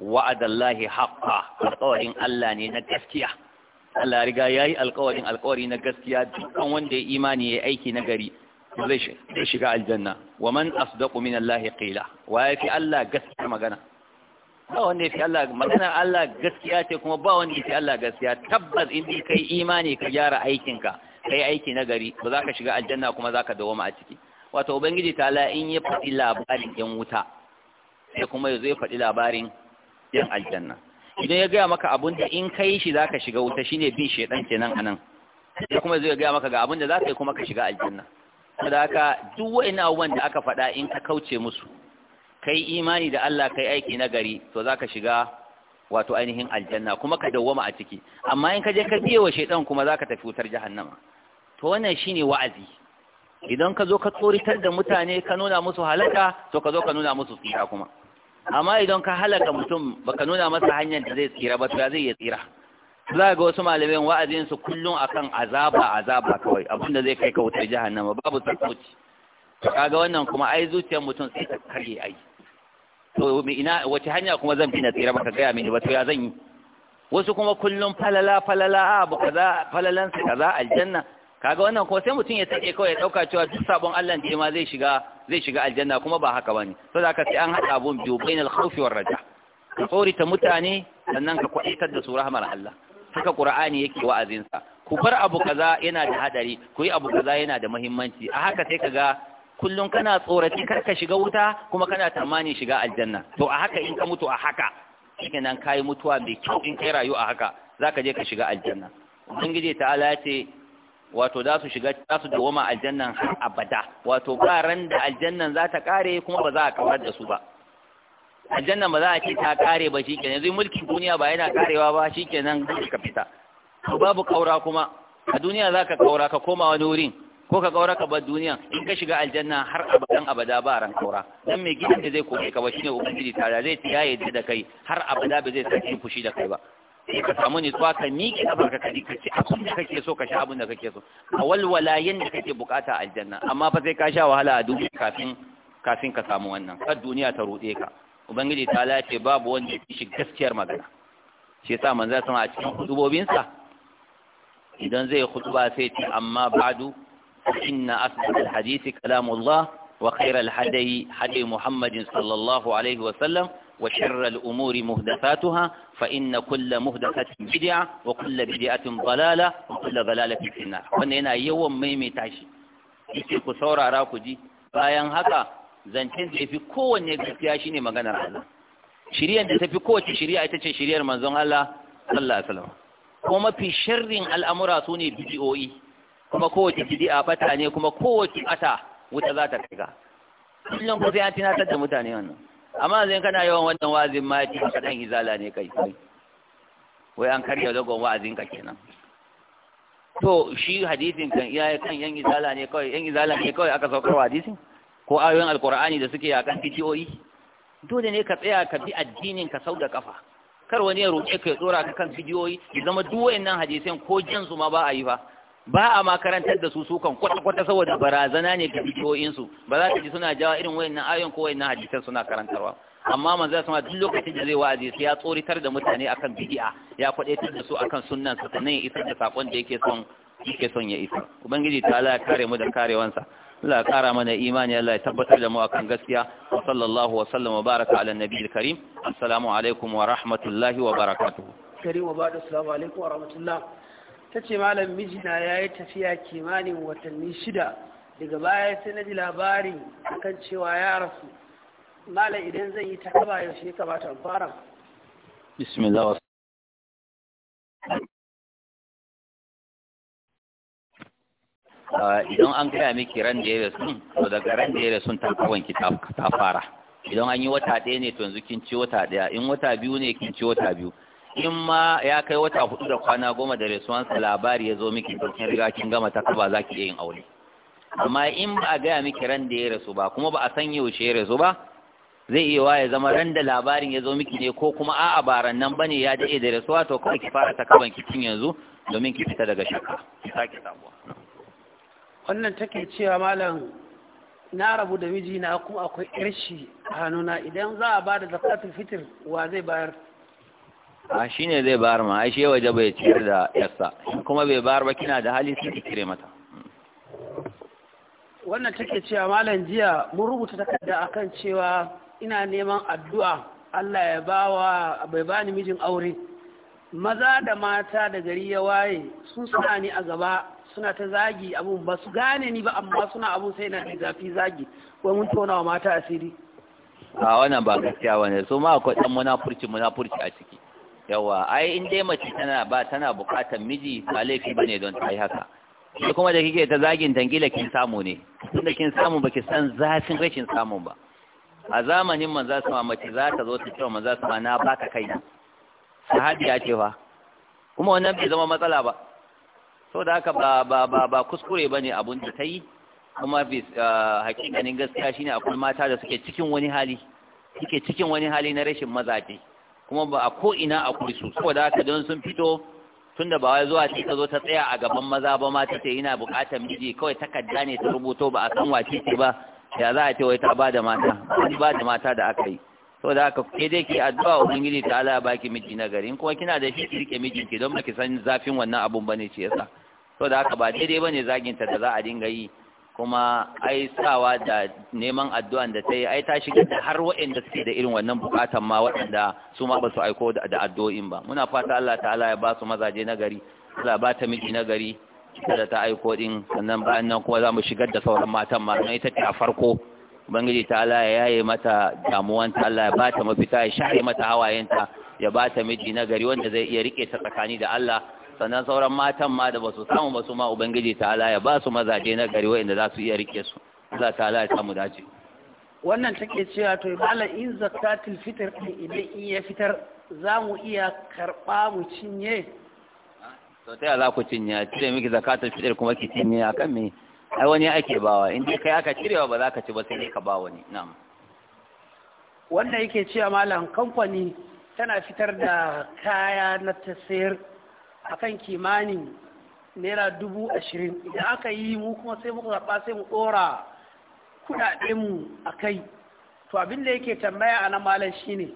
[SPEAKER 2] wa'adallahi haqqa alƙawarin Allah ne na gaskiya Allah riga yayi alƙawarin alƙawari na gaskiya dukkan wanda ya imani ya aiki na gari zai shiga aljanna wa man asdaqu min allahi qila wa yafi Allah gaskiya magana ba wanda yafi Allah magana Allah gaskiya ce kuma ba wanda yafi Allah gaskiya tabbas in kai imani ka gyara aikin ka kai aiki na gari ba za ka shiga aljanna kuma za ka ma a ciki wato ubangiji ta'ala in ya faɗi labarin yan wuta sai kuma yazo ya faɗi labarin yan aljanna idan ya gaya maka abun da in kai shi za ka shiga wuta shine bin shedan kenan anan sai kuma zai ya gaya maka ga abun da za ka yi kuma ka shiga aljanna saboda haka duk wa'annan abubuwan da aka faɗa in ka kauce musu kai imani da Allah kai aiki na gari to zaka shiga wato ainihin aljanna kuma ka dawwama a ciki amma in ka je ka biye wa shaidan kuma zaka tafi wutar jahannama to wannan shine wa'azi idan ka zo ka tsoritar da mutane ka nuna musu halaka to ka zo ka nuna musu tsira kuma amma idan ka halaka mutum baka nuna masa hanyar da zai tsira ba to zai iya tsira za ga wasu malamin wa'azinsu kullum akan azaba azaba kawai abinda zai kai ka wutar jahannama babu sassauci kaga wannan kuma ai zuciyar mutum sai ta karye ai to ina wace hanya kuma zan bi na tsira baka gaya mini ba to ya zan yi wasu kuma kullum falala falala abu kaza falalan su kaza aljanna kaga wannan kuma sai mutum ya take kawai ya dauka cewa duk sabon Allah ne ma zai shiga zai shiga aljanna kuma ba haka bane to zaka sai an hada abun biyu bainal khawfi war raja ka tsorita mutane sannan ka kwaitar da su rahmar Allah haka qur'ani yake wa'azinsa ku bar abu kaza yana da hadari ku yi abu kaza yana da mahimmanci. a haka sai kaga kullum kana tsorati kar ka shiga wuta kuma kana tamani shiga aljanna to a haka in ka mutu a haka shikenan kai mutuwa mai kyau in kai rayu a haka zaka je ka shiga aljanna ubangiji ta'ala ya ce wato za su shiga za su dawoma aljannan har abada wato ba ran da aljannan za ta kare kuma ba za a kawar da su ba aljanna ba za a ce ta kare ba shi kenan yanzu mulkin duniya ba yana karewa ba shi shikenan ka fita to babu kaura kuma a duniya za ka kaura ka koma wani wurin ko ka kaura ka bar duniya in ka shiga aljanna har abadan abada ba ran kaura dan mai gidan da zai kore ka ba shine ubangiji ta zai tiyaye da kai har abada ba zai saki fushi da kai ba ka samu ni nutsuwa ka miƙe kafarka ka ji kace abin da kake so ka sha abin da kake so a walwala da kake bukata aljanna amma fa sai ka sha wahala a duniya kafin kafin ka samu wannan kar duniya ta ruɗe ka Ubangiji ta lafe babu wanda ya shi gaskiyar magana. Shi sa manza sun a cikin hutubobinsa idan zai hutuba sai ce amma badu inna asbab alhadisi kalamullah wa khair alhadi hadi Muhammadin sallallahu alaihi wa sallam wa sharr al'umuri muhdathatuha fa inna kull muhdathatin bid'a wa kull bid'atin dalala wa kull dalalatin fi an yana yawan maimaita shi. Ki ku saurara ku ji bayan haka zancen da ya fi kowanne gaskiya shi ne maganar Allah shiriyar da ta fi kowace shiriya ita ce shiriyar manzon Allah sallallahu alaihi wasallam kuma mafi sharrin al'amura su ne bidiyoyi kuma kowace bidi'a bata ne kuma kowace ata wuta za ta ga kullum ko sai an tunatar da mutane wannan amma zan kana yawan wannan wazin ma ya ka dan izala ne kai kai wai an karya dogon wa'azin ka kenan to shi hadisin kan iyaye kan yan izala ne kawai yan izala ne kawai aka saukar hadisin ko ayoyin alkur'ani da suke yakan fitiyoyi dole ne ka tsaya ka bi addinin ka sau da kafa kar wani ya roƙe ka ya tsora ka kan fitiyoyi ya zama duk wayannan hadisan ko jin su ma ba a yi ba ba a makarantar da su sukan kwata-kwata saboda barazana ne ga fitiyoyinsu ba za ka ji suna jawa irin wayannan ayoyin ko wayannan hadisan suna karantarwa amma manzo ya sama duk lokacin da zai wa'azi sai ya tsoritar da mutane akan bid'a ya kwadaitar da su akan sunnan sa sannan isar da sakon da yake son yake son ya isa ubangiji ta Allah ya kare mu da karewansa Allah ya kara mana imani Allah ya tabbatar da mu akan gaskiya wa sallallahu wa sallam baraka ala nabiyil karim assalamu alaikum wa rahmatullahi wa barakatuh
[SPEAKER 3] karim wa ba'da assalamu alaikum wa rahmatullah tace malam mijina yayi tafiya kimanin watanni shida daga baya sai na ji labari akan cewa ya rasu malam idan zan yi takaba yaushe ya kamata in fara
[SPEAKER 2] bismillah wa Ah, idan an gaya miki ran da ya rasu to daga ran da ya rasu ta kawanki ta fara idan an yi wata ɗaya ne to yanzu kin ci wata ɗaya in wata biyu ne kin ci wata biyu in ma ya kai wata hudu da kwana goma da resuwansa labari ya zo miki to kin riga kin gama ta kaba za ki iya yin aure amma in ba a gaya miki ran da ya rasu ba kuma ba a san yaushe ya rasu ba zai iya waye zama ran da labarin ya zo miki ne ko kuma a'a ba ran nan bane ya daɗe da resuwa to kawai ki fara ta kaban ki tun yanzu domin ki fita daga shakka ki sake samuwa
[SPEAKER 3] wannan take cewa malam na rabu da mijina kuma akwai irshi a hannuna idan za a ba da zakatul fitr wa zai bayar
[SPEAKER 2] a shi ne zai bayar ma aishe waje bai ciyar da yasa, kuma bai bayar ba kina da hali sai kire mata
[SPEAKER 3] wannan take cewa malam jiya mun rubuta takarda a kan cewa ina neman addu'a Allah ya bawa bai bani mijin aure maza da mata da gari ya waye sun sa ni a gaba suna ta zagi abun ba su gane ni ba amma suna abun sai na da zafi zagi wai mun tona wa mata asiri
[SPEAKER 2] a wannan ba gaskiya bane so ma akwai dan munafurci munafurci a ciki yawa ai in dai mace tana ba tana bukatar miji ba laifi bane don ta yi haka sai kuma da kike ta zagin dangila kin samu ne tunda kin samu baki san zafin rashin samun ba a zamanin manza sama mace za ta zo ta cewa manza sama na baka kai sahabi ya ce fa kuma wannan bai zama matsala ba da haka ba ba ba ne kuskure bane abun da ta yi kuma bi ah, hakikanin gaskiya shine akwai mata da suke cikin wani hali suke cikin wani hali na rashin mazaje kuma ba a ko'ina ina a kursu saboda haka don sun fito tunda ba wai zuwa ce ta zo ta tsaya a gaban maza ba ma tace ina buƙatar miji kawai takarda ne ta rubuto ba a san wace ce ba ya za a ce wai ta ba da mata wani ba mata da aka yi saboda haka ke dai ki addu'a ubangiji ta Allah baki miji na gari kuma kina da shi ki rike mijinki don ba ki san zafin wannan abun bane ce yasa so da haka ba daidai ba ne zaginta da za a dinga yi kuma ai sawa da neman addu'an da ta yi ai ta shiga da har waɗanda suke da irin wannan bukatan ma waɗanda su ma ba su aiko da addu'o'in ba muna fata Allah ta'ala ya ba su mazaje na gari Allah ba ta miji na gari da ta aiko din sannan bayan nan kuma za mu shigar da sauran matan ma don ta ce a farko ubangiji ta ya yaye mata ta Allah ya ba ta mafita ya share mata hawayenta ya ba ta miji na gari wanda zai iya rike ta tsakani da Allah sannan sauran matan ma da ba su samu ba su ma ubangiji ta ala ya ba su mazaje na gari wa'inda za su iya rike su za ta ala ya samu dace
[SPEAKER 3] wannan take cewa to ibala in zakatul fitr idan iya fitar za mu iya karɓa mu cinye
[SPEAKER 2] to ta za ku cinye cire miki zakatul fitr kuma ki cinye akan me ai wani ake bawa in dai kai aka cirewa ba za ka ci ba sai ka ba wani na'am
[SPEAKER 3] wannan yake cewa malam kamfani tana fitar da kaya na tasir akan kimani naira dubu ashirin idan aka yi mu kuma sai muka zaɓa sai mu ɗora mu a kai to abin da yake tambaya a nan malam shine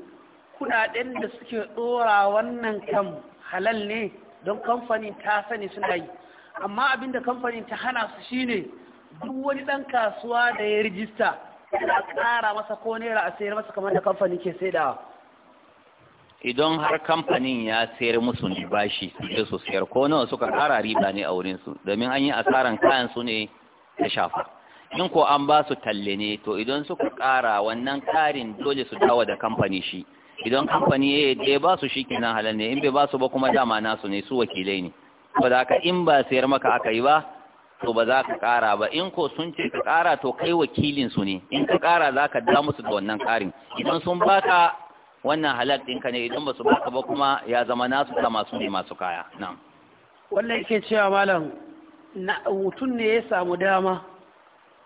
[SPEAKER 3] kuɗaɗen da suke ɗora wannan kan halal ne don kamfanin ta sani suna yi amma abin da kamfanin ta hana su shine duk wani ɗan kasuwa da ya rijista yana ƙara masa ko naira a sayar masa kamar da kamfani ke saidawa
[SPEAKER 2] idan har kamfanin ya sayar musu ne bashi da su sayar ko nawa suka kara riba ne a wurinsu domin an yi asaran kayan su ne ta shafa in ko an ba su talle ne to idan suka kara wannan karin dole su dawo da kamfani shi idan kamfani ya yi ba su shi kenan halal ne in bai ba su ba kuma dama nasu ne su wakilai ne ba za ka in ba sayar maka aka yi ba to ba za ka kara ba in ko sun ce ka kara to kai wakilin su ne in ka kara za ka da musu da wannan karin idan sun baka wannan halal ɗinka ne idan ba su baka ba kuma ya zama nasu ta masu ne masu kaya na'am
[SPEAKER 3] wannan yake cewa malam na mutum ne ya samu dama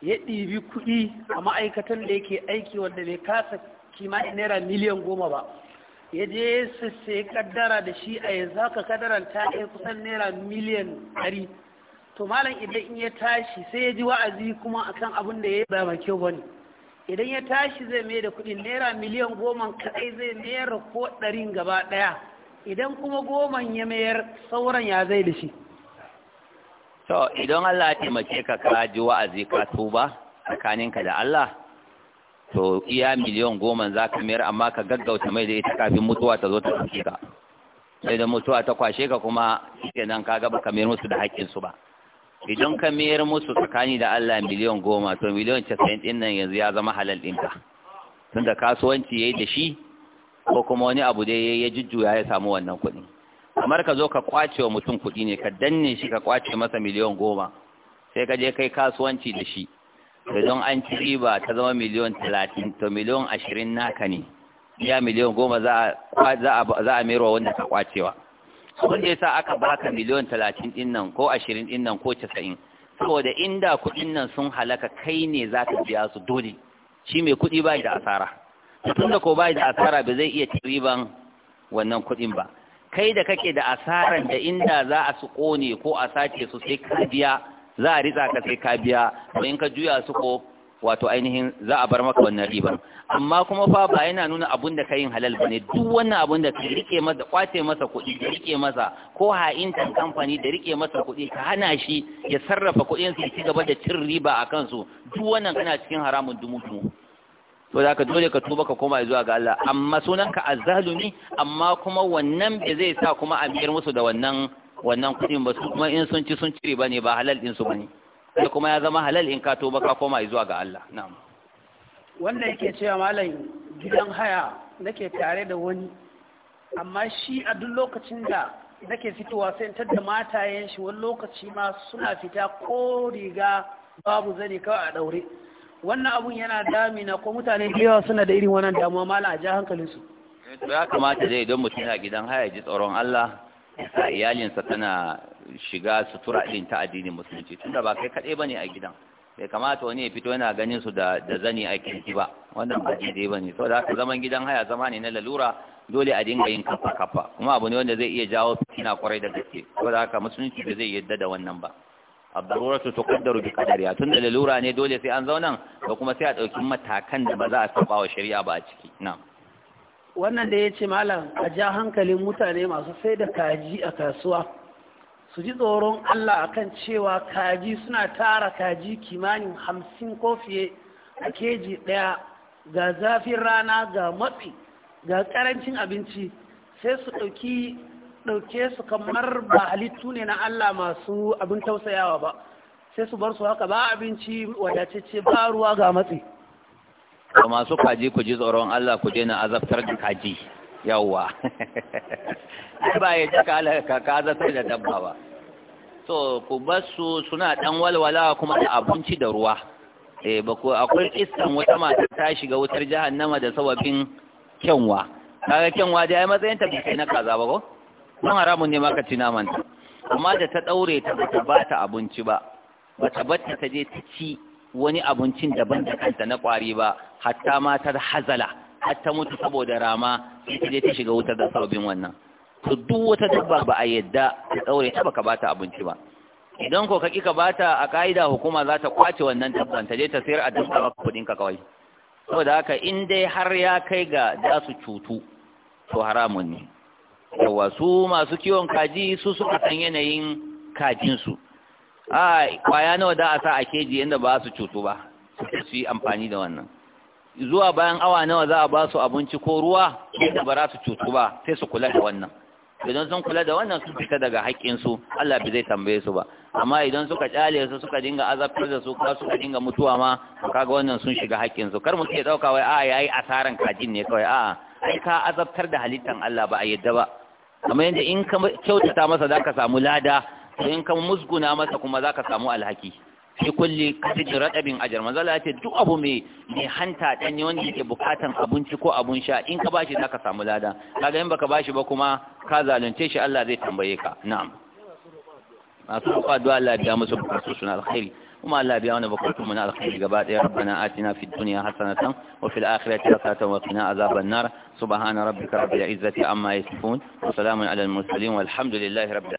[SPEAKER 3] ya ɗibi kuɗi a ma'aikatan da yake aiki wanda bai kasa kimanin naira miliyan goma ba ya je sai kaddara da shi a yanzu haka kaddaran ta ke kusan naira miliyan ɗari to malam idan in ya tashi sai ya ji wa'azi kuma akan abin da ya ba kyau ba ne idan ya tashi zai mai da kudin naira miliyan goma kadai zai mayar ko ɗarin gaba ɗaya idan kuma goman ya mayar sauran ya zai da shi
[SPEAKER 2] to idan Allah ya taimake ka ka ji wa'azi ka tuba tsakaninka da Allah to iya miliyan goma za ka mayar amma ka gaggauta mai da ita kafin mutuwa ta zo ta ɗauke ka sai da mutuwa ta kwashe ka kuma kenan ka gaba ka mayar musu da haƙƙinsu ba idan ka mayar musu tsakani da Allah miliyan goma to miliyan casa'in ɗin nan yanzu ya zama halal ɗinka tunda kasuwanci ya yi da shi ko kuma wani abu da ya jujjuya ya samu wannan kuɗi kamar ka zo ka kwace wa mutum kuɗi ne ka danne shi ka kwace masa miliyan goma sai ka je kai kasuwanci da shi da don an ci riba ta zama miliyan talatin to miliyan ashirin naka ne iya miliyan goma za a mayarwa wanda ka kwacewa wanda yasa aka baka miliyon talatin din nan ko ashirin din ko casa'in saboda inda kuɗin nan sun halaka kai ne za ka biya su dole shi mai kuɗi bai da asara tun da ko bai da asara ba zai iya ci wannan kuɗin ba kai da kake da asaran da inda za a su ƙone ko a sace su sai ka biya za a ritsa ka sai ka biya to in ka juya su ko wato ainihin za a bar maka wannan ribar amma kuma fa ba yana nuna abun da kayin halal bane duk wannan abun da kai rike masa kwace masa kuɗi da rike masa ko ha'intan kamfani da rike masa kuɗi ka hana shi ya sarrafa kuɗin su ci gaba da cin riba a kansu duk wannan kana cikin haramun dumutu to da ka dole ka tuba ka koma zuwa ga Allah amma sunan ka azzalumi amma kuma wannan bai zai sa kuma a biyar musu da wannan wannan kuɗin ba su kuma in sun ci sun cire ne, ba halal din su bane da kuma ya zama halal in ka tuba ka koma zuwa ga Allah
[SPEAKER 3] na'am wanda yake cewa malam gidan haya nake tare da wani amma shi a duk lokacin da nake fitowa sai ta da matayen shi wani lokaci ma suna fita ko riga babu zani kawai a daure wannan abun yana damina ko mutane da yawa suna da irin wannan damuwa malam a hankalin su. Eh,
[SPEAKER 2] ya kamata zai don mutum a gidan haya ji tsoron Allah a iyalinsa tana shiga sutura din ta addinin musulunci tunda ba kai kaɗai bane a gidan bai kamata wani ya fito yana ganin su da da zani a kirki ba wannan ba dai ba ne da zaman gidan haya zama ne na lalura dole a dinga yin kafa kafa kuma abu ne wanda zai iya jawo fitina kwarai da gaske da haka musulunci ba zai yadda da wannan ba abdarura su tuqaddaru bi qadariha tun da lalura ne dole sai an zauna da kuma sai a ɗauki matakan da ba za a saba wa shari'a ba a ciki na'am
[SPEAKER 3] wannan da ya ce malam a ja hankalin mutane masu sai da kaji a kasuwa su ji tsoron Allah akan cewa kaji suna tara kaji kimanin hamsin ko fiye a keji ɗaya ga zafin rana ga matsi ga ƙarancin abinci sai su ɗauki ɗauke su kamar ba halittu ne na Allah masu abin tausayawa ba sai su bar su haka ba abinci wadatacce ba ruwa ga matsi
[SPEAKER 2] ga masu kaji ku ji tsoron Allah ku je na azabtar da kaji yawwa ba ya ji ka sai da dabba ba to ku basu suna dan walwala kuma da abinci da ruwa eh ba ku akwai iskan wata mata ta shiga wutar jahannama da sababin kyanwa kaga kyanwa dai ai matsayin ta bai na kaza ba ko don haramun ne maka ci naman amma da ta daure ta bata ba ta abinci ba bata bata ta je ta ci wani abincin daban da kanta na kwari ba hatta ma ta hazala hatta mutu saboda rama sai ta je ta shiga wutar da sababin wannan to duk wata dabba ba a yadda ta daure ta baka bata abinci ba idan ko ka kika bata a ka'ida hukuma za ta kwace wannan dabban ta je ta sayar a dabba maka kudin ka kawai saboda haka in dai har ya kai ga za su cutu to haramun ne yawa su masu kiwon kaji su suka san yanayin kajinsu a kwaya nawa da a sa a keji inda ba su cutu ba su yi amfani da wannan zuwa bayan awa nawa za a ba su abinci ko ruwa inda ba za su cutu ba sai su kula da wannan idan sun kula da wannan sun fita daga haƙƙinsu Allah bai zai tambaye su ba amma idan suka ƙyale su suka dinga azabtar da su ko suka dinga mutuwa ma kaga wannan sun shiga haƙƙinsu kar mu ce dauka wai a yayi asaran kajin ne kawai a ai ka azabtar da halittan Allah ba a yadda ba amma yanda in ka kyautata masa zaka samu lada in ka musguna masa kuma zaka samu alhaki fi kulli kasijin raɗabin ajar manzala ya ce duk abu mai mai hanta ɗanye wanda yake bukatan abinci ko abun sha in ka bashi zaka samu lada kaga in baka bashi ba kuma ka zalunce shi Allah zai tambaye ka na'am masu roƙa du'a Allah biya musu bukatu suna alkhairi kuma Allah biya wani bukatu mu na alkhairi gaba ɗaya rabbana atina fid dunya hasanatan wa fil akhirati hasanatan wa qina azaban nar subhana rabbika rabbil izzati amma yasifun wa salamun alal mursalin walhamdulillahi rabbil